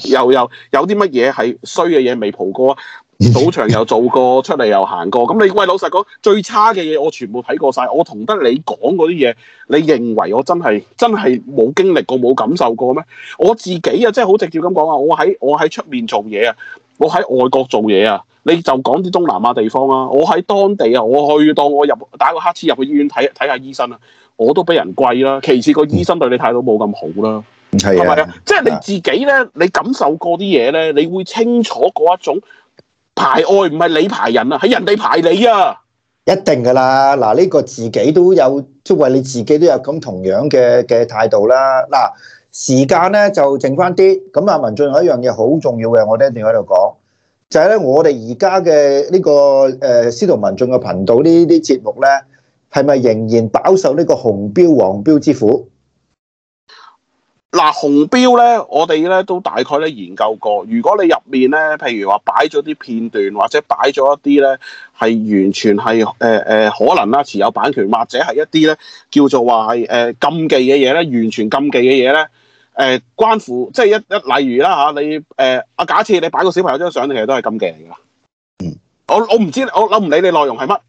又又有啲乜嘢係衰嘅嘢未蒲過啊？賭 場又做過，出嚟又行過，咁你喂，老實講，最差嘅嘢我全部睇過晒，我同得你講嗰啲嘢，你認為我真係真係冇經歷過冇感受過咩？我自己啊，即係好直接咁講啊，我喺我喺出面做嘢啊，我喺外國做嘢啊，你就講啲東南亞地方啦，我喺當地啊，我去當我入打個乞嗤入去醫院睇睇下醫生啦，我都俾人貴啦，其次個醫生對你態度冇咁好啦，係咪、嗯、啊？吧啊即係你自己咧，你感受過啲嘢咧，你會清楚嗰一種。排外唔係你排人啊，係人哋排你啊！一定噶啦，嗱、這、呢個自己都有，即係為你自己都有咁同樣嘅嘅態度啦。嗱，時間咧就剩翻啲，咁阿文進有一樣嘢好重要嘅，我哋一定喺度講，就係、是、咧我哋而家嘅呢個誒、呃、司徒文進嘅頻道節呢啲節目咧，係咪仍然飽受呢個紅標黃標之苦？嗱，紅標咧，我哋咧都大概咧研究過。如果你入面咧，譬如話擺咗啲片段，或者擺咗一啲咧，係完全係誒誒可能啦，持有版權或者係一啲咧叫做話係誒禁忌嘅嘢咧，完全禁忌嘅嘢咧，誒關乎即係一一例如啦吓、啊，你誒啊、呃，假設你擺個小朋友張相，其實都係禁忌嚟噶。嗯，我我唔知，我知我唔理你內容係乜，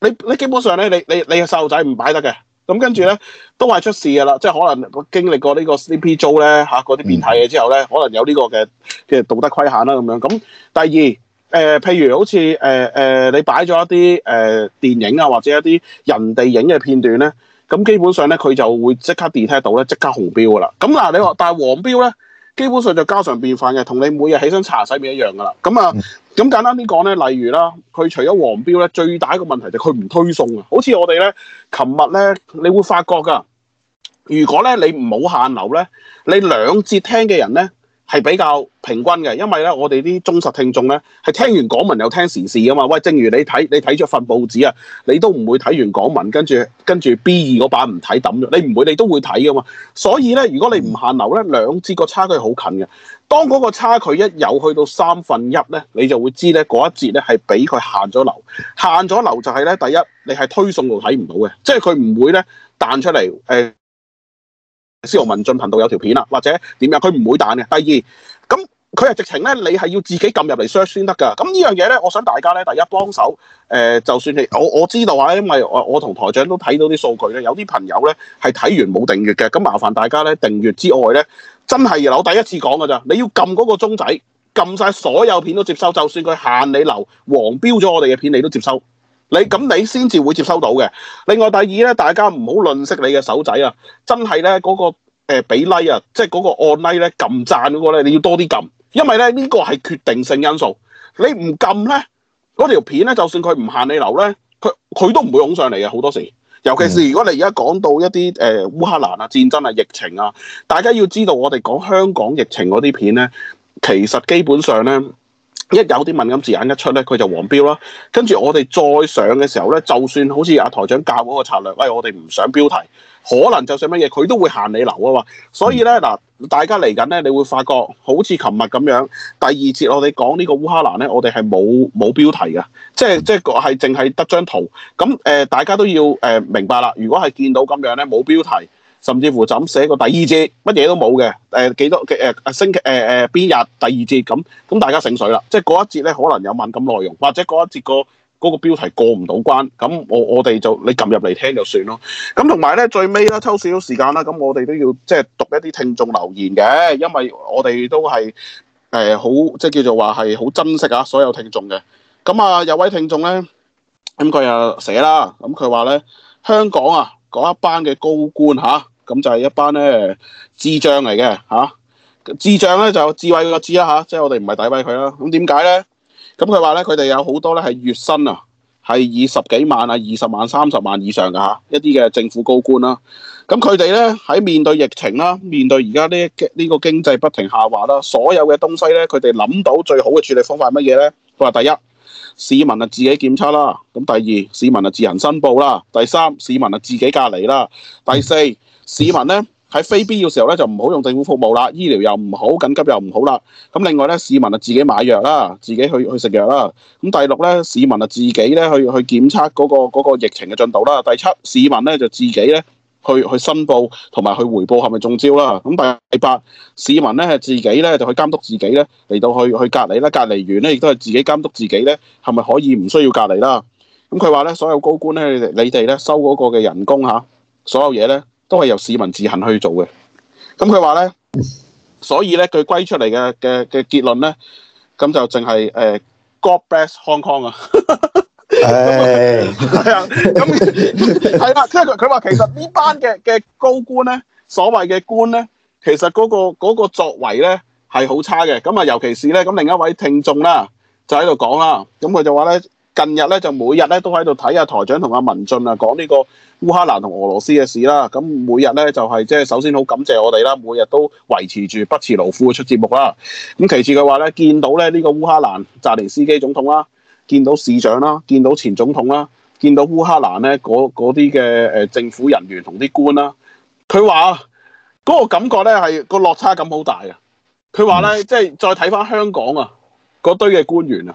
你你,你基本上咧，你你你個細路仔唔擺得嘅。咁跟住咧，都係出事嘅啦，即係可能經歷過個呢個 CPZ 咧，嚇嗰啲變態嘢之後咧，可能有呢個嘅嘅道德規限啦咁樣。咁第二誒、呃，譬如好似誒誒，你擺咗一啲誒、呃、電影啊，或者一啲人哋影嘅片段咧，咁基本上咧佢就會即刻 detect 到咧，即刻紅標噶啦。咁嗱，你話但係黃標咧，基本上就家常便飯嘅，同你每日起身擦洗面一樣噶啦。咁啊～、嗯咁簡單啲講咧，例如啦，佢除咗黃標咧，最大一個問題就係佢唔推送啊。好似我哋咧，琴日咧，你會發覺噶，如果咧你唔好限流咧，你兩節聽嘅人咧係比較平均嘅，因為咧我哋啲忠實聽眾咧係聽完港聞又聽時事噶嘛。喂，正如你睇你睇咗份報紙啊，你都唔會睇完港聞跟住跟住 B 二嗰版唔睇抌咗，你唔會，你都會睇噶嘛。所以咧，如果你唔限流咧，兩節個差距好近嘅。當嗰個差距一有去到三分一咧，你就會知咧，嗰一節咧係俾佢限咗流，限咗流就係咧，第一，你係推送到睇唔到嘅，即係佢唔會咧彈出嚟。誒、呃，司徒文進頻道有條片啦，或者點樣，佢唔會彈嘅。第二咁。佢係直情咧，你係要自己撳入嚟 search 先得㗎。咁呢樣嘢咧，我想大家咧，第一幫手誒、呃，就算你，我我知道啊，因為我我同台長都睇到啲數據咧，有啲朋友咧係睇完冇訂閱嘅。咁麻煩大家咧，訂閱之外咧，真係我第一次講㗎咋，你要撳嗰個鐘仔撳晒所有片都接收，就算佢限你留黃標咗我哋嘅片，你都接收你咁，你先至會接收到嘅。另外第二咧，大家唔好吝惜你嘅手仔啊，真係咧嗰個比例 l 啊，即係嗰個按 l i 咧撳贊嗰個咧，你要多啲撳。因為咧呢個係決定性因素，你唔撳呢嗰條片呢，就算佢唔限你流呢，佢佢都唔會湧上嚟嘅。好多時，尤其是如果你而家講到一啲誒、呃、烏克蘭啊、戰爭啊、疫情啊，大家要知道我哋講香港疫情嗰啲片呢，其實基本上呢，一有啲敏感字眼一出呢，佢就黃標啦。跟住我哋再上嘅時候呢，就算好似阿台長教嗰個策略，喂、哎，我哋唔上標題。可能就算乜嘢，佢都會限你流啊嘛，所以咧嗱，大家嚟緊咧，你會發覺好似琴日咁樣，第二節我哋講呢個烏克蘭咧，我哋係冇冇標題嘅，即係即係個係淨係得張圖。咁誒、呃，大家都要誒、呃、明白啦。如果係見到咁樣咧，冇標題，甚至乎就咁寫個第二節乜嘢都冇嘅，誒、呃、幾多嘅、呃、星期誒誒邊日第二節咁，咁大家醒水啦。即係嗰一節咧，可能有敏感內容。或者嗰一節、嗰個。嗰個標題過唔到關，咁我我哋就你撳入嚟聽就算咯。咁同埋咧，最尾啦，抽少少時間啦，咁我哋都要即係讀一啲聽眾留言嘅，因為我哋都係誒、呃、好，即係叫做話係好珍惜啊所有聽眾嘅。咁啊有位聽眾咧，咁佢又寫啦，咁佢話咧，香港啊嗰一班嘅高官吓，咁、啊、就係一班咧智障嚟嘅嚇，智障咧、啊、就智慧個智啊吓，即係我哋唔係詆毀佢啦。咁點解咧？咁佢話咧，佢哋有好多咧係月薪啊，係以十幾萬啊、二十萬、三十萬以上嘅嚇一啲嘅政府高官啦、啊。咁佢哋咧喺面對疫情啦、啊，面對而家呢呢個經濟不停下滑啦、啊，所有嘅東西咧，佢哋諗到最好嘅處理方法係乜嘢咧？佢話：第一，市民啊自己檢測啦；咁第二，市民啊自行申報啦；第三，市民啊自己隔離啦；第四，市民咧。喺非必要時候咧，就唔好用政府服務啦，醫療又唔好，緊急又唔好啦。咁另外咧，市民啊自己買藥啦，自己去去食藥啦。咁第六咧，市民啊自己咧去去檢測嗰個嗰個疫情嘅進度啦。第七，市民咧就自己咧去去申報同埋去回報係咪中招啦。咁第八，市民咧自己咧就去監督自己咧嚟到去去隔離啦，隔離完咧亦都係自己監督自己咧係咪可以唔需要隔離啦。咁佢話咧，所有高官咧，你哋你哋咧收嗰個嘅人工嚇，所有嘢咧。都係由市民自行去做嘅。咁佢話咧，所以咧，佢歸出嚟嘅嘅嘅結論咧，咁就淨係誒 God bless Hong Kong 啊！係，係啊，咁係啦，即係佢話其實呢班嘅嘅高官咧，所謂嘅官咧，其實嗰、嗰個嗰個作為咧係好差嘅。咁啊，尤其是咧，咁另一位聽眾啦，就喺度講啦，咁佢就話咧。近日咧就每日咧都喺度睇下台長同阿文進啊講呢個烏克蘭同俄羅斯嘅事啦。咁每日咧就係即係首先好感謝我哋啦，每日都維持住不辭勞苦出節目啦。咁其次嘅話咧，見到咧呢個烏克蘭澤連斯基總統啦，見到市長啦，見到前總統啦，見到烏克蘭咧嗰嗰啲嘅誒政府人員同啲官啦，佢話嗰個感覺咧係個落差感好大啊。佢話咧即係再睇翻香港啊，嗰堆嘅官員啊。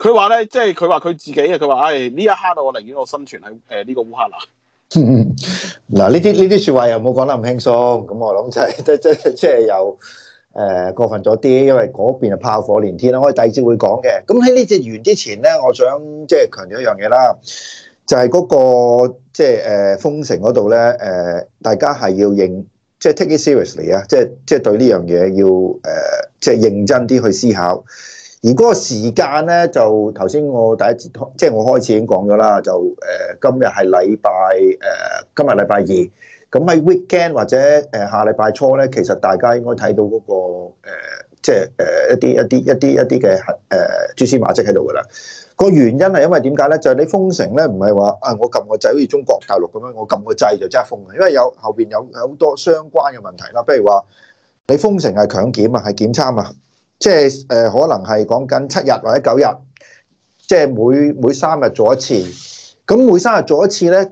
佢話咧，即係佢話佢自己啊，佢話：唉、哎，呢一刻我寧願我生存喺誒呢個烏克蘭。嗱、嗯，呢啲呢啲説話又冇講得咁輕鬆，咁我諗就係即即即係又誒過分咗啲，因為嗰邊係炮火連天啦，我哋第二節會講嘅。咁喺呢隻完之前咧，我想即係、就是、強調一樣嘢啦，就係、是、嗰、那個即係誒封城嗰度咧，誒、呃、大家係要認，即、就、係、是、take it seriously 啊、就是，即、就、即、是、對呢樣嘢要誒即係認真啲去思考。而嗰個時間咧，就頭先我第一節即係我開始已經講咗啦，就誒、呃、今日係禮拜誒今日禮拜二，咁喺 Weekend 或者誒下禮拜初咧，其實大家應該睇到嗰、嗰個即係誒一啲一啲一啲一啲嘅誒蛛絲馬跡喺度噶啦。嗰個原因係因為點解咧？就係、係、你封城咧，唔係話啊我撳個掣好似中國大陸咁樣，我撳個掣就即刻封嘅，因為有後邊有好多相關嘅問題啦。譬如話你封城係強檢啊，係檢測啊。即係誒，可能係講緊七日或者九日，即係每每三日做一次。咁每三日做一次咧，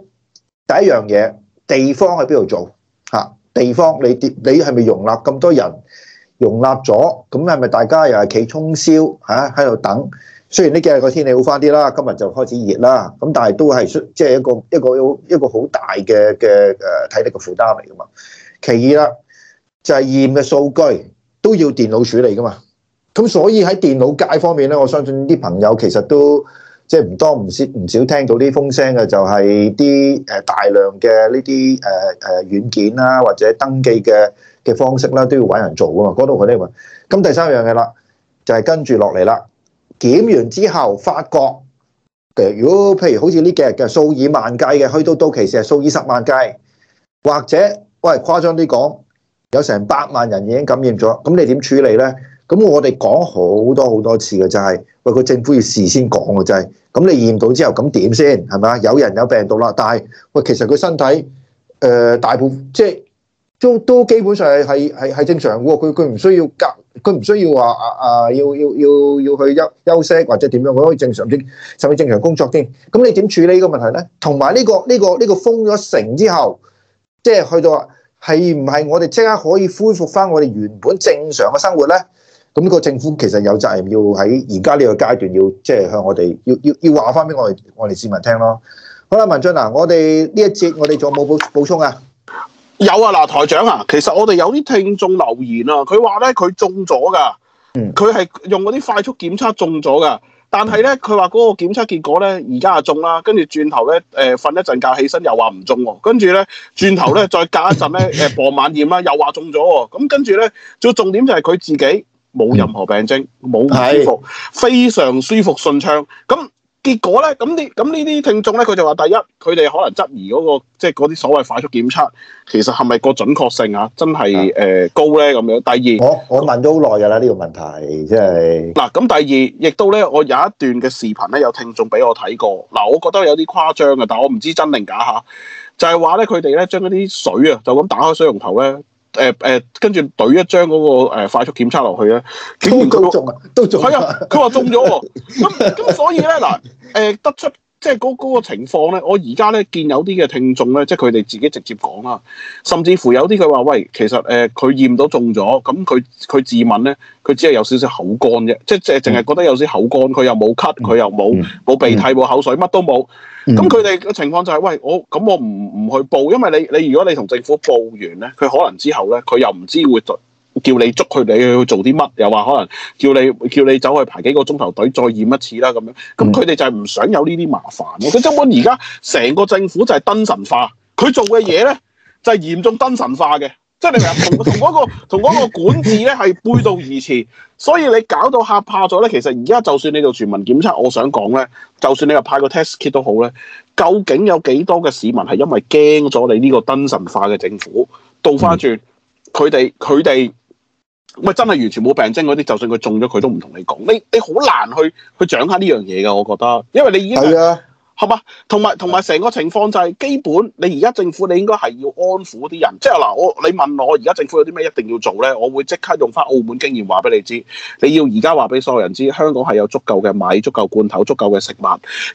第一樣嘢地方喺邊度做嚇？地方，地方你跌你係咪容納咁多人？容納咗咁係咪大家又係企通宵嚇？喺度等。雖然呢幾日個天氣好翻啲啦，今日就開始熱啦。咁但係都係即係一個一個好一個好大嘅嘅誒體力嘅負擔嚟噶嘛。其二啦，就係驗嘅數據都要電腦處理噶嘛。咁所以喺電腦界方面咧，我相信啲朋友其實都即係唔多唔少唔少聽到啲風聲嘅，就係啲誒大量嘅呢啲誒誒軟件啦、啊，或者登記嘅嘅方式啦、啊，都要揾人做㗎嘛，嗰度佢哋問。咁第三樣嘅啦，就係、是、跟住落嚟啦，檢完之後發覺，如果譬如好似呢幾日嘅數以萬計嘅，去到到期時係數以十萬計，或者喂誇張啲講有成百萬人已經感染咗，咁你點處理咧？咁我哋講好多好多次嘅、就是，就係喂佢政府要事先講嘅，就係、是、咁你驗到之後咁點先係咪啊？有人有病毒啦，但係喂其實佢身體誒、呃、大部分即係都都基本上係係係正常喎。佢佢唔需要隔佢唔需要話、呃、啊啊要要要要去休休息或者點樣，佢可以正常啲甚至正常工作添。咁你點處理呢個問題咧？同埋呢個呢、這個呢、這個這個封咗城之後，即、就、係、是、去到係唔係我哋即刻可以恢復翻我哋原本正常嘅生活咧？咁個政府其實有責任要喺而家呢個階段要即係、就是、向我哋要要要話翻俾我哋我哋市民聽咯。好啦，文進啊，我哋呢一節我哋仲有冇補補充啊？有啊，嗱台長啊，其實我哋有啲聽眾留言啊，佢話咧佢中咗㗎，佢係用嗰啲快速檢測中咗㗎，但係咧佢話嗰個檢測結果咧而家係中啦，跟住轉頭咧誒瞓一陣覺起身又話唔中喎，跟住咧轉頭咧再隔一陣咧誒傍晚驗啦，又話中咗喎，咁跟住咧最重點就係佢自己。冇任何病徵，冇唔舒服，的非常舒服順暢。咁結果咧，咁呢咁呢啲聽眾咧，佢就話：第一，佢哋可能質疑嗰個即係嗰啲所謂快速檢測，其實係咪個準確性啊？真係誒高咧咁樣。第二，我我問咗好耐㗎啦，呢個問題即係嗱咁。第二，亦都咧，我有一段嘅視頻咧，有聽眾俾我睇過。嗱，我覺得有啲誇張嘅，但我唔知真定假嚇。就係話咧，佢哋咧將嗰啲水啊，就咁打開水龍頭咧。誒誒、呃呃，跟住懟一張嗰、那個、呃、快速檢測落去咧，竟然佢都，都，都中，係啊，佢話中咗喎。咁咁 所以咧嗱，誒、呃、得出。即係嗰個情況咧，我而家咧見有啲嘅聽眾咧，即係佢哋自己直接講啦，甚至乎有啲佢話喂，其實誒佢、呃、驗到中咗，咁佢佢自問咧，佢只係有少少口乾啫，即係淨係覺得有少少口乾，佢又冇咳，佢又冇冇、嗯嗯嗯、鼻涕冇口水乜都冇，咁佢哋嘅情況就係、是、喂我，咁我唔唔去報，因為你你、你如果你同政府報完咧，佢可能之後咧，佢又唔知會叫你捉佢哋去做啲乜，又話可能叫你叫你走去排幾個鐘頭隊，再驗一次啦咁樣。咁佢哋就係唔想有呢啲麻煩。佢根本而家成個政府就係燈神化，佢做嘅嘢咧就係嚴重燈神化嘅，即係你話同同嗰個同嗰個管治咧係背道而馳。所以你搞到吓怕咗咧，其實而家就算你做全民檢測，我想講咧，就算你話派個 test kit 都好咧，究竟有幾多嘅市民係因為驚咗你呢個燈神化嘅政府？倒翻轉，佢哋佢哋。唔係真係完全冇病徵嗰啲，就算佢中咗，佢都唔同你講。你你好難去去掌握呢樣嘢噶，我覺得，因為你已經係啊，係嘛，同埋同埋成個情況就係，基本你而家政府你應該係要安撫啲人，即係嗱，我你問我而家政府有啲咩一定要做咧，我會即刻用翻澳門經驗話俾你知。你要而家話俾所有人知，香港係有足夠嘅米、足夠罐頭、足夠嘅食物、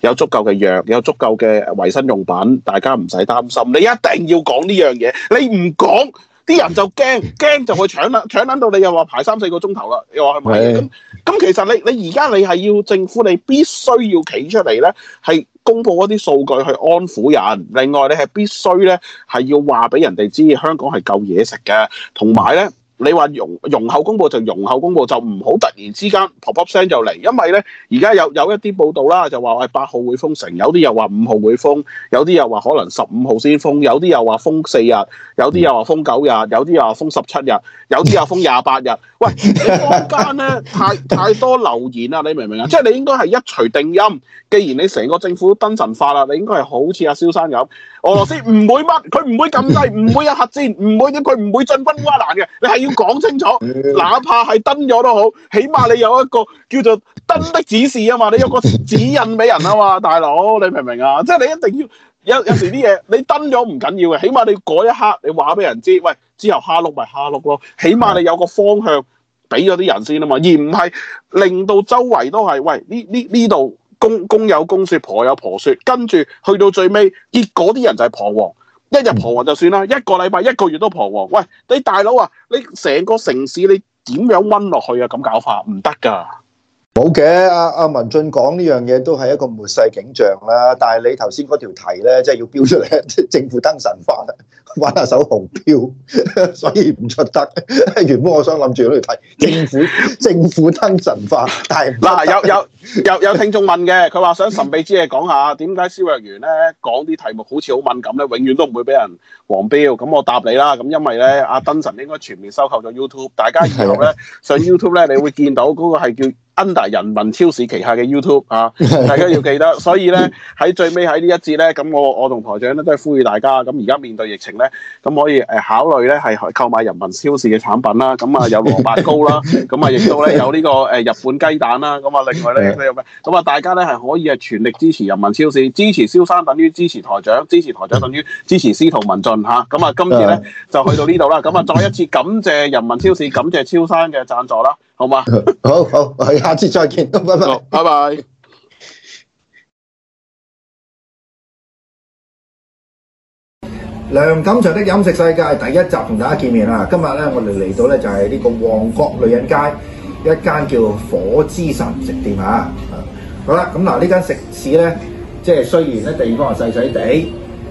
有足夠嘅藥、有足夠嘅衛生用品，大家唔使擔心。你一定要講呢樣嘢，你唔講。啲人就驚，驚就會搶啦，搶攬到你又話排三四個鐘頭啦，又話係咪？咁咁是的 其實你你而家你係要政府，你必須要企出嚟咧，係公布一啲數據去安撫人。另外你係必須咧，係要話俾人哋知香港係夠嘢食嘅，同埋咧。你話容容後公佈，就容後公佈就唔好突然之間 pop pop 聲就嚟，因為咧而家有有一啲報道啦，就話喂八號會封城，有啲又話五號會封，有啲又話可能十五號先封，有啲又話封四日，有啲又話封九日，有啲又話封十七日，有啲又封廿八日。喂，你坊間咧太太多留言啦，你明唔明啊？即係你應該係一錘定音，既然你成個政府都燈神化啦，你應該係好似阿蕭生咁。俄羅斯唔會乜，佢唔會咁低，唔會有核戰，唔會佢唔會進兵烏克蘭嘅。你係要講清楚，哪怕係登咗都好，起碼你有一個叫做登的指示啊嘛，你有個指引俾人啊嘛，大佬，你明唔明啊？即係你一定要有有時啲嘢你登咗唔緊要嘅，起碼你嗰一刻你話俾人知，喂，之後下碌咪下碌咯，起碼你有個方向俾咗啲人先啊嘛，而唔係令到周圍都係喂呢呢呢度。公公有公説，婆有婆説，跟住去到最尾，結果啲人就係彷徨，一日彷徨就算啦，一個禮拜、一個月都彷徨。喂，你大佬啊，你成個城市你點樣温落去啊？咁搞法唔得㗎。冇嘅，阿、啊、阿文進講呢樣嘢都係一個末世景象啦。但係你頭先嗰條題咧，即係要標出嚟，政府燈神化。玩下手紅標， 所以唔出得。 原本我想諗住去睇政府 政府登神化，但係嗱 有有有有聽眾問嘅，佢話想神秘之嘢講下，點解蕭若元咧講啲題目好似好敏感咧，永遠都唔會俾人黃標。咁我答你啦，咁因為咧阿登神應該全面收購咗 YouTube，大家以後咧上， 上 YouTube 咧，你會見到嗰個係叫。under 人民超市旗下嘅 YouTube 啊，大家要記得。所以咧喺最尾喺呢一節咧，咁我我同台長咧都係呼籲大家咁而家面對疫情咧，咁可以誒、呃、考慮咧係購買人民超市嘅產品啦。咁啊有蘿蔔糕啦，咁啊亦都咧有呢、這個誒、呃、日本雞蛋啦。咁啊另外咧有咩？咁啊 大家咧係可以係全力支持人民超市，支持蕭生等於支持台長，支持台長等於支持司徒文進嚇。咁啊，啊今次咧就去到呢度啦。咁啊再一次感謝人民超市，感謝超生嘅贊助啦。啊好嘛， 好好，係，下次再見，拜拜，拜拜。梁錦祥的飲食世界第一集同大家見面啦，今日咧我哋嚟到咧就係呢個旺角女人街一間叫火之神食店啊，好啦，咁嗱呢間食肆咧，即係雖然咧地方係細細地。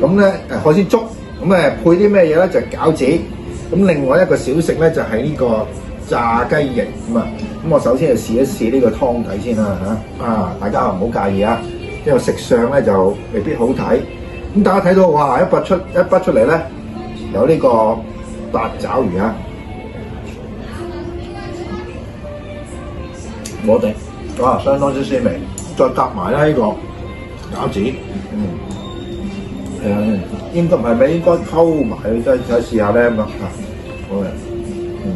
咁咧誒海鮮粥，咁誒配啲咩嘢咧？就係、餃子，咁另外一個小食咧就係、係、呢個炸雞翼咁啊！咁我首先就試一試呢個湯底先啦、啊、嚇啊！大家唔好介意啊，因為食相咧就未必好睇。咁大家睇到哇一筆出一筆出嚟咧，有呢個八爪魚啊！嗯、我哋哇相當之鮮味，再搭埋咧呢個餃子，嗯。應該唔係咩，應該溝埋，真再試下咧嘛嚇，好嘅，嗯，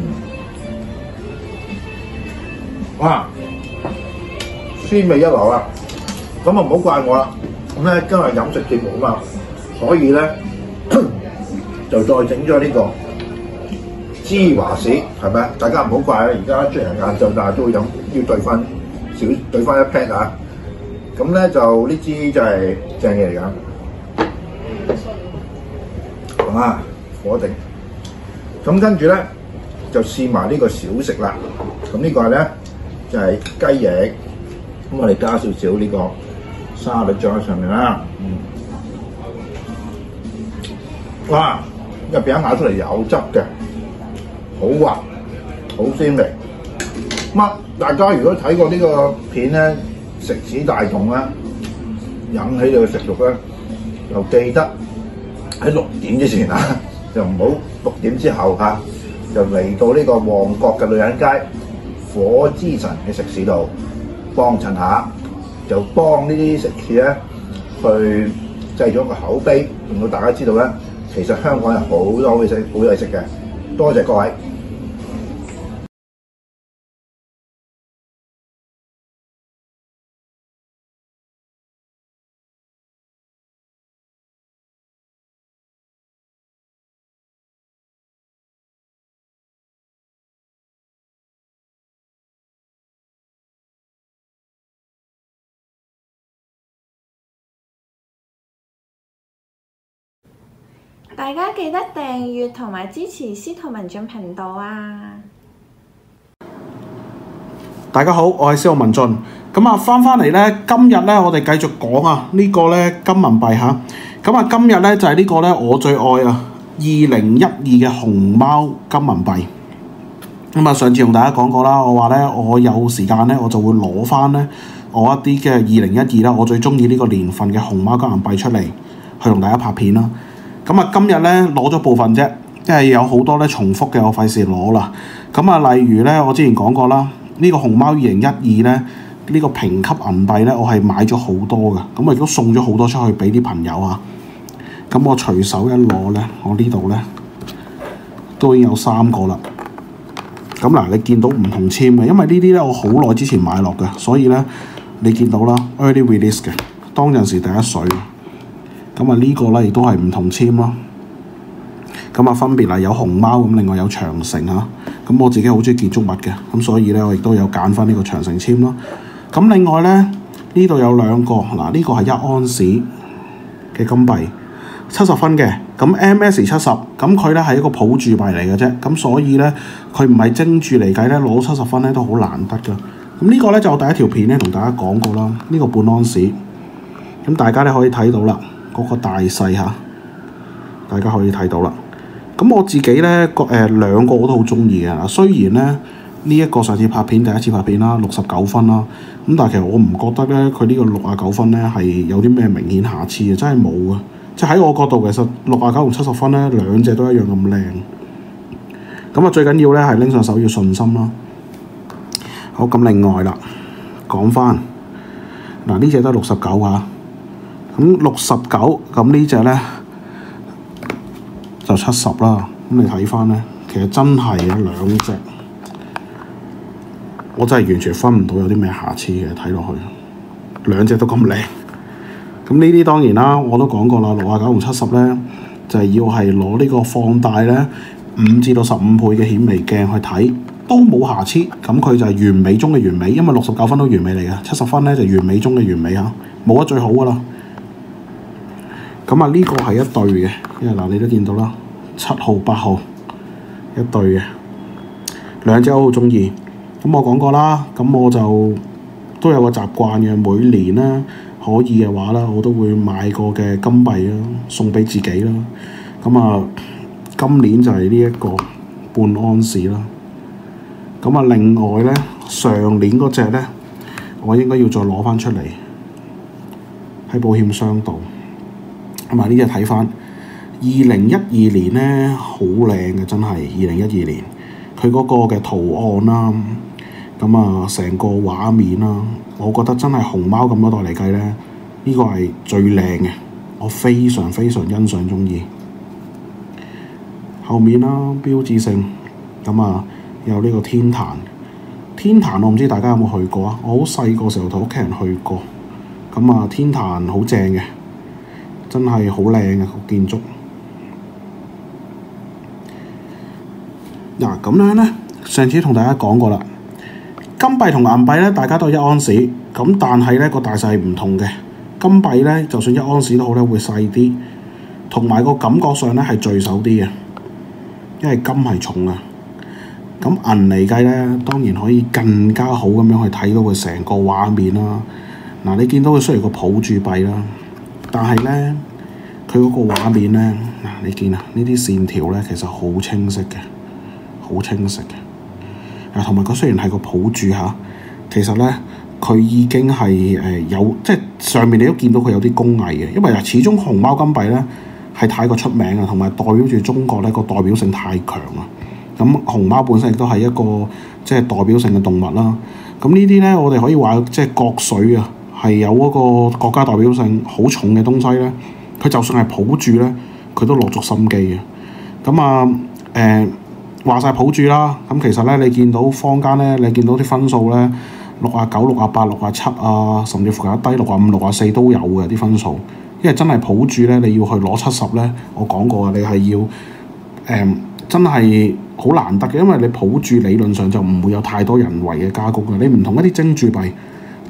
哇，酸味一流啦，咁啊唔好怪我啦，咁咧今日飲食節目啊嘛，所以咧就再整咗呢個芝華士，係咪啊？大家唔好怪啊！而家雖然晏晝，但係都要飲，要兌翻少，兌翻一 pat 啊，咁咧就呢支就係正嘢嚟㗎。啊！火定咁跟住咧就試埋呢個小食啦。咁、這個、呢個咧就係、是、雞翼咁，我哋加少少呢個沙律醬喺上面啦。嗯，哇！入邊咬出嚟有汁嘅，好滑，好鮮味。咁、啊、大家如果睇過呢個片咧，食指大動啦，引起你嘅食欲咧，就記得。喺六點之前啊，就唔好六點之後嚇，就嚟到呢個旺角嘅女人街火之神嘅食肆度幫襯下，就幫呢啲食肆咧去製咗個口碑，令到大家知道咧，其實香港有好多好嘢食，好嘢食嘅。多謝各位。大家記得訂閱同埋支持司徒文進頻道啊！大家好，我係司徒文進。咁啊，翻翻嚟呢，今日呢，我哋繼續講啊呢個呢，金銀幣吓。咁啊，今日呢，就係呢個呢，我最愛啊，二零一二嘅熊貓金銀幣。咁啊，上次同大家講過啦，我話呢，我有時間呢，我就會攞翻呢，我一啲嘅二零一二啦，我最中意呢個年份嘅熊貓金銀幣出嚟，去同大家拍片啦。咁啊，今日咧攞咗部分啫，即係有好多咧重複嘅，我費事攞啦。咁啊，例如咧，我之前講過啦，這個、熊1，呢、這個熊貓二零一二咧，呢個評級銀幣咧，我係買咗好多嘅，咁啊，亦都送咗好多出去俾啲朋友啊。咁我隨手一攞咧，我呢度咧都已經有三個啦。咁嗱，你見到唔同簽嘅，因為呢啲咧我好耐之前買落嘅，所以咧你見到啦 early release 嘅，當陣時第一水。咁啊，呢個咧亦都係唔同簽咯。咁啊，分別啊有熊貓咁，另外有長城啊。咁我自己好中意建築物嘅，咁所以咧我亦都有揀翻呢個長城簽咯。咁另外咧呢度有兩個嗱，呢個係一安士嘅金幣七十分嘅，咁 M S 七十，咁佢咧係一個普住幣嚟嘅啫。咁所以咧佢唔係精注嚟計咧，攞七十分咧都好難得㗎。咁呢個咧就我第一條片咧同大家講過啦，呢個半安士咁，大家咧可以睇到啦。嗰個大細嚇，大家可以睇到啦。咁我自己咧，個誒兩個我都好中意嘅。嗱，雖然咧呢一個上次拍片，第一次拍片啦，六十九分啦。咁但係其實我唔覺得咧，佢呢個六啊九分咧係有啲咩明顯瑕疵嘅，真係冇嘅。即係喺我角度其實六啊九同七十分咧，兩隻都一樣咁靚。咁啊，最緊要咧係拎上手要信心啦。好，咁另外啦，講翻嗱，呢隻都六十九嚇。咁六十九咁呢隻咧就七十啦。咁你睇翻咧，其實真係有兩隻我真係完全分唔到有啲咩瑕疵嘅。睇落去兩隻都咁靚。咁呢啲當然啦，我都講過啦，六啊九同七十咧就係要係攞呢個放大咧五至到十五倍嘅顯微鏡去睇，都冇瑕疵。咁佢就係完美中嘅完美，因為六十九分都完美嚟嘅，七十分咧就完美中嘅完美吓，冇得最好噶啦。咁啊，呢個係一對嘅，因為嗱，你都見到啦，七號八號一對嘅兩隻，我好中意。咁我講過啦，咁我就都有個習慣嘅，每年咧可以嘅話咧，我都會買過嘅金幣咯，送俾自己啦。咁啊，今年就係呢一個半安士啦。咁啊，另外咧，上年嗰隻咧，我應該要再攞翻出嚟喺保險箱度。同埋呢隻睇翻，二零一二年呢，好靚嘅真係，二零一二年佢嗰個嘅圖案啦、啊，咁啊成個畫面啦、啊，我覺得真係熊貓咁多代嚟計呢，呢個係最靚嘅，我非常非常欣賞鍾意。後面啦、啊、標誌性，咁啊有呢個天壇，天壇我唔知大家有冇去過啊？我好細個時候同屋企人去過，咁啊天壇好正嘅。真係好靚嘅個建築。嗱，咁樣咧，上次同大家講過啦，金幣同銀幣咧，大家都係一安士，咁但係咧，個大細唔同嘅。金幣咧，就算一安士都好咧，會細啲，同埋個感覺上咧係聚手啲嘅，因為金係重啊。咁銀嚟計咧，當然可以更加好咁樣去睇到佢成個畫面啦。嗱，你見到佢雖然個抱住幣啦。但係咧，佢嗰個畫面咧，嗱你見啊，呢啲線條咧其實好清晰嘅，好清晰嘅。啊，同埋佢雖然係個抱住嚇，其實咧佢已經係誒有即係上面你都見到佢有啲工藝嘅，因為啊始終熊貓金幣咧係太過出名啊，同埋代表住中國咧個代表性太強啊。咁熊貓本身亦都係一個即係代表性嘅動物啦。咁呢啲咧我哋可以話即係國粹啊。係有嗰個國家代表性好重嘅東西呢。佢就算係抱住呢，佢都落足心機嘅。咁啊，誒話晒抱住啦。咁其實呢，你見到坊間呢，你見到啲分數呢，六啊九、六啊八、六啊七啊，甚至乎有低六啊五、六啊四都有嘅啲分數。因為真係抱住呢，你要去攞七十呢。我講過嘅，你係要、呃、真係好難得嘅，因為你抱住理論上就唔會有太多人為嘅加工啦。你唔同一啲精鑄幣。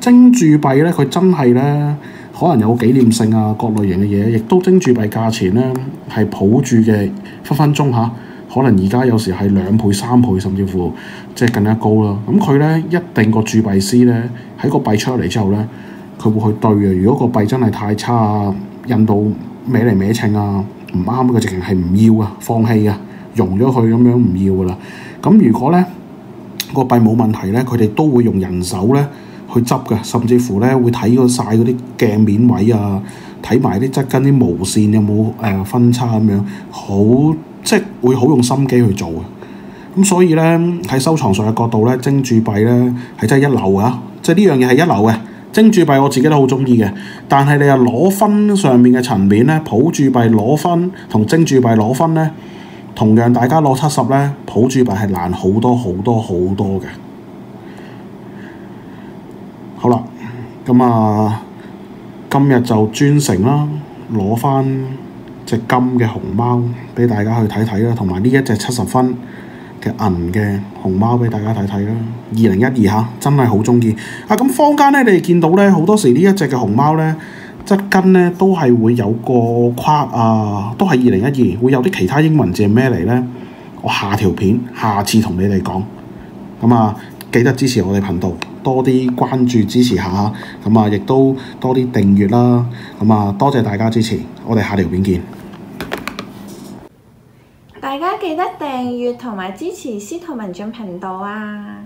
精鑄幣咧，佢真係咧，可能有紀念性啊，各類型嘅嘢，亦都精鑄幣價錢咧係抱住嘅分分鐘嚇、啊。可能而家有時係兩倍、三倍，甚至乎即係更加高啦。咁佢咧一定個鑄幣師咧喺個幣出嚟之後咧，佢會去對啊。如果個幣真係太差，啊，印到歪嚟歪稱啊，唔啱嘅直情係唔要啊，放棄啊，融咗佢咁樣唔要噶啦。咁、嗯、如果咧個幣冇問題咧，佢哋都會用人手咧。去執嘅，甚至乎咧會睇嗰曬嗰啲鏡面位啊，睇埋啲側根啲毛線有冇誒、呃、分叉咁樣，好即係會好用心機去做嘅。咁、嗯、所以咧喺收藏上嘅角度咧，精鑄幣咧係真係一流啊！即係呢樣嘢係一流嘅。精鑄幣我自己都好中意嘅，但係你又攞分上面嘅層面咧，普鑄幣攞分同精鑄幣攞分咧，同樣大家攞七十咧，普鑄幣係難好多好多好多嘅。好啦，咁、嗯、啊，今日就專程啦，攞翻隻金嘅熊貓俾大家去睇睇啦，同埋呢一隻七十分嘅銀嘅熊貓俾大家睇睇啦。二零一二嚇，真係好中意啊！咁坊間咧，你哋見到咧，好多時呢一隻嘅熊貓咧，質根咧都係會有個框啊，都係二零一二，會有啲其他英文字係咩嚟咧？我下條片下次同你哋講。咁、嗯、啊，記得支持我哋頻道。多啲關注支持下，咁啊，亦都多啲訂閱啦，咁啊，多謝大家支持，我哋下條片見。大家記得訂閱同埋支持司徒文進頻道啊！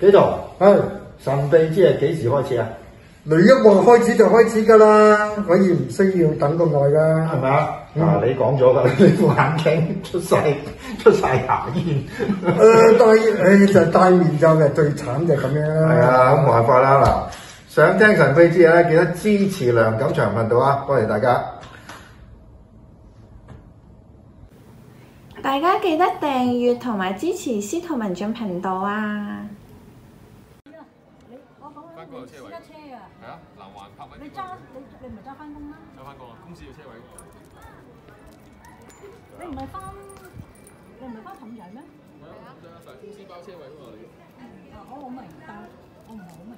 幾多？哎，神秘之夜幾時開始啊？雷一話開始就開始噶啦，可以唔需要等咁耐噶，係咪、嗯、啊？嗱，你講咗噶，副眼鏡出晒出晒牙煙，誒、 呃，戴誒、哎、就戴、是、面罩嘅，最慘就咁樣。係啊，咁冇辦法啦。嗱，想聽神秘之夜咧，記得支持梁錦祥頻道啊，多謝大家。大家記得訂閱同埋支持司徒文進頻道啊！你我講開私家車啊？係啊！嗱，還泊位。你揸你你唔係揸翻工啦？揸翻工啊！公司要車位。你唔係翻你唔係翻氹仔咩？係啊！大公司包車位喎你。啊，我好明，但係我唔係好明。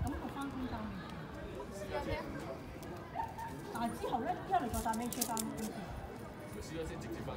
咁我翻工揸。私家車。但係之後咧，一輪再帶咩車翻？私家車直接翻。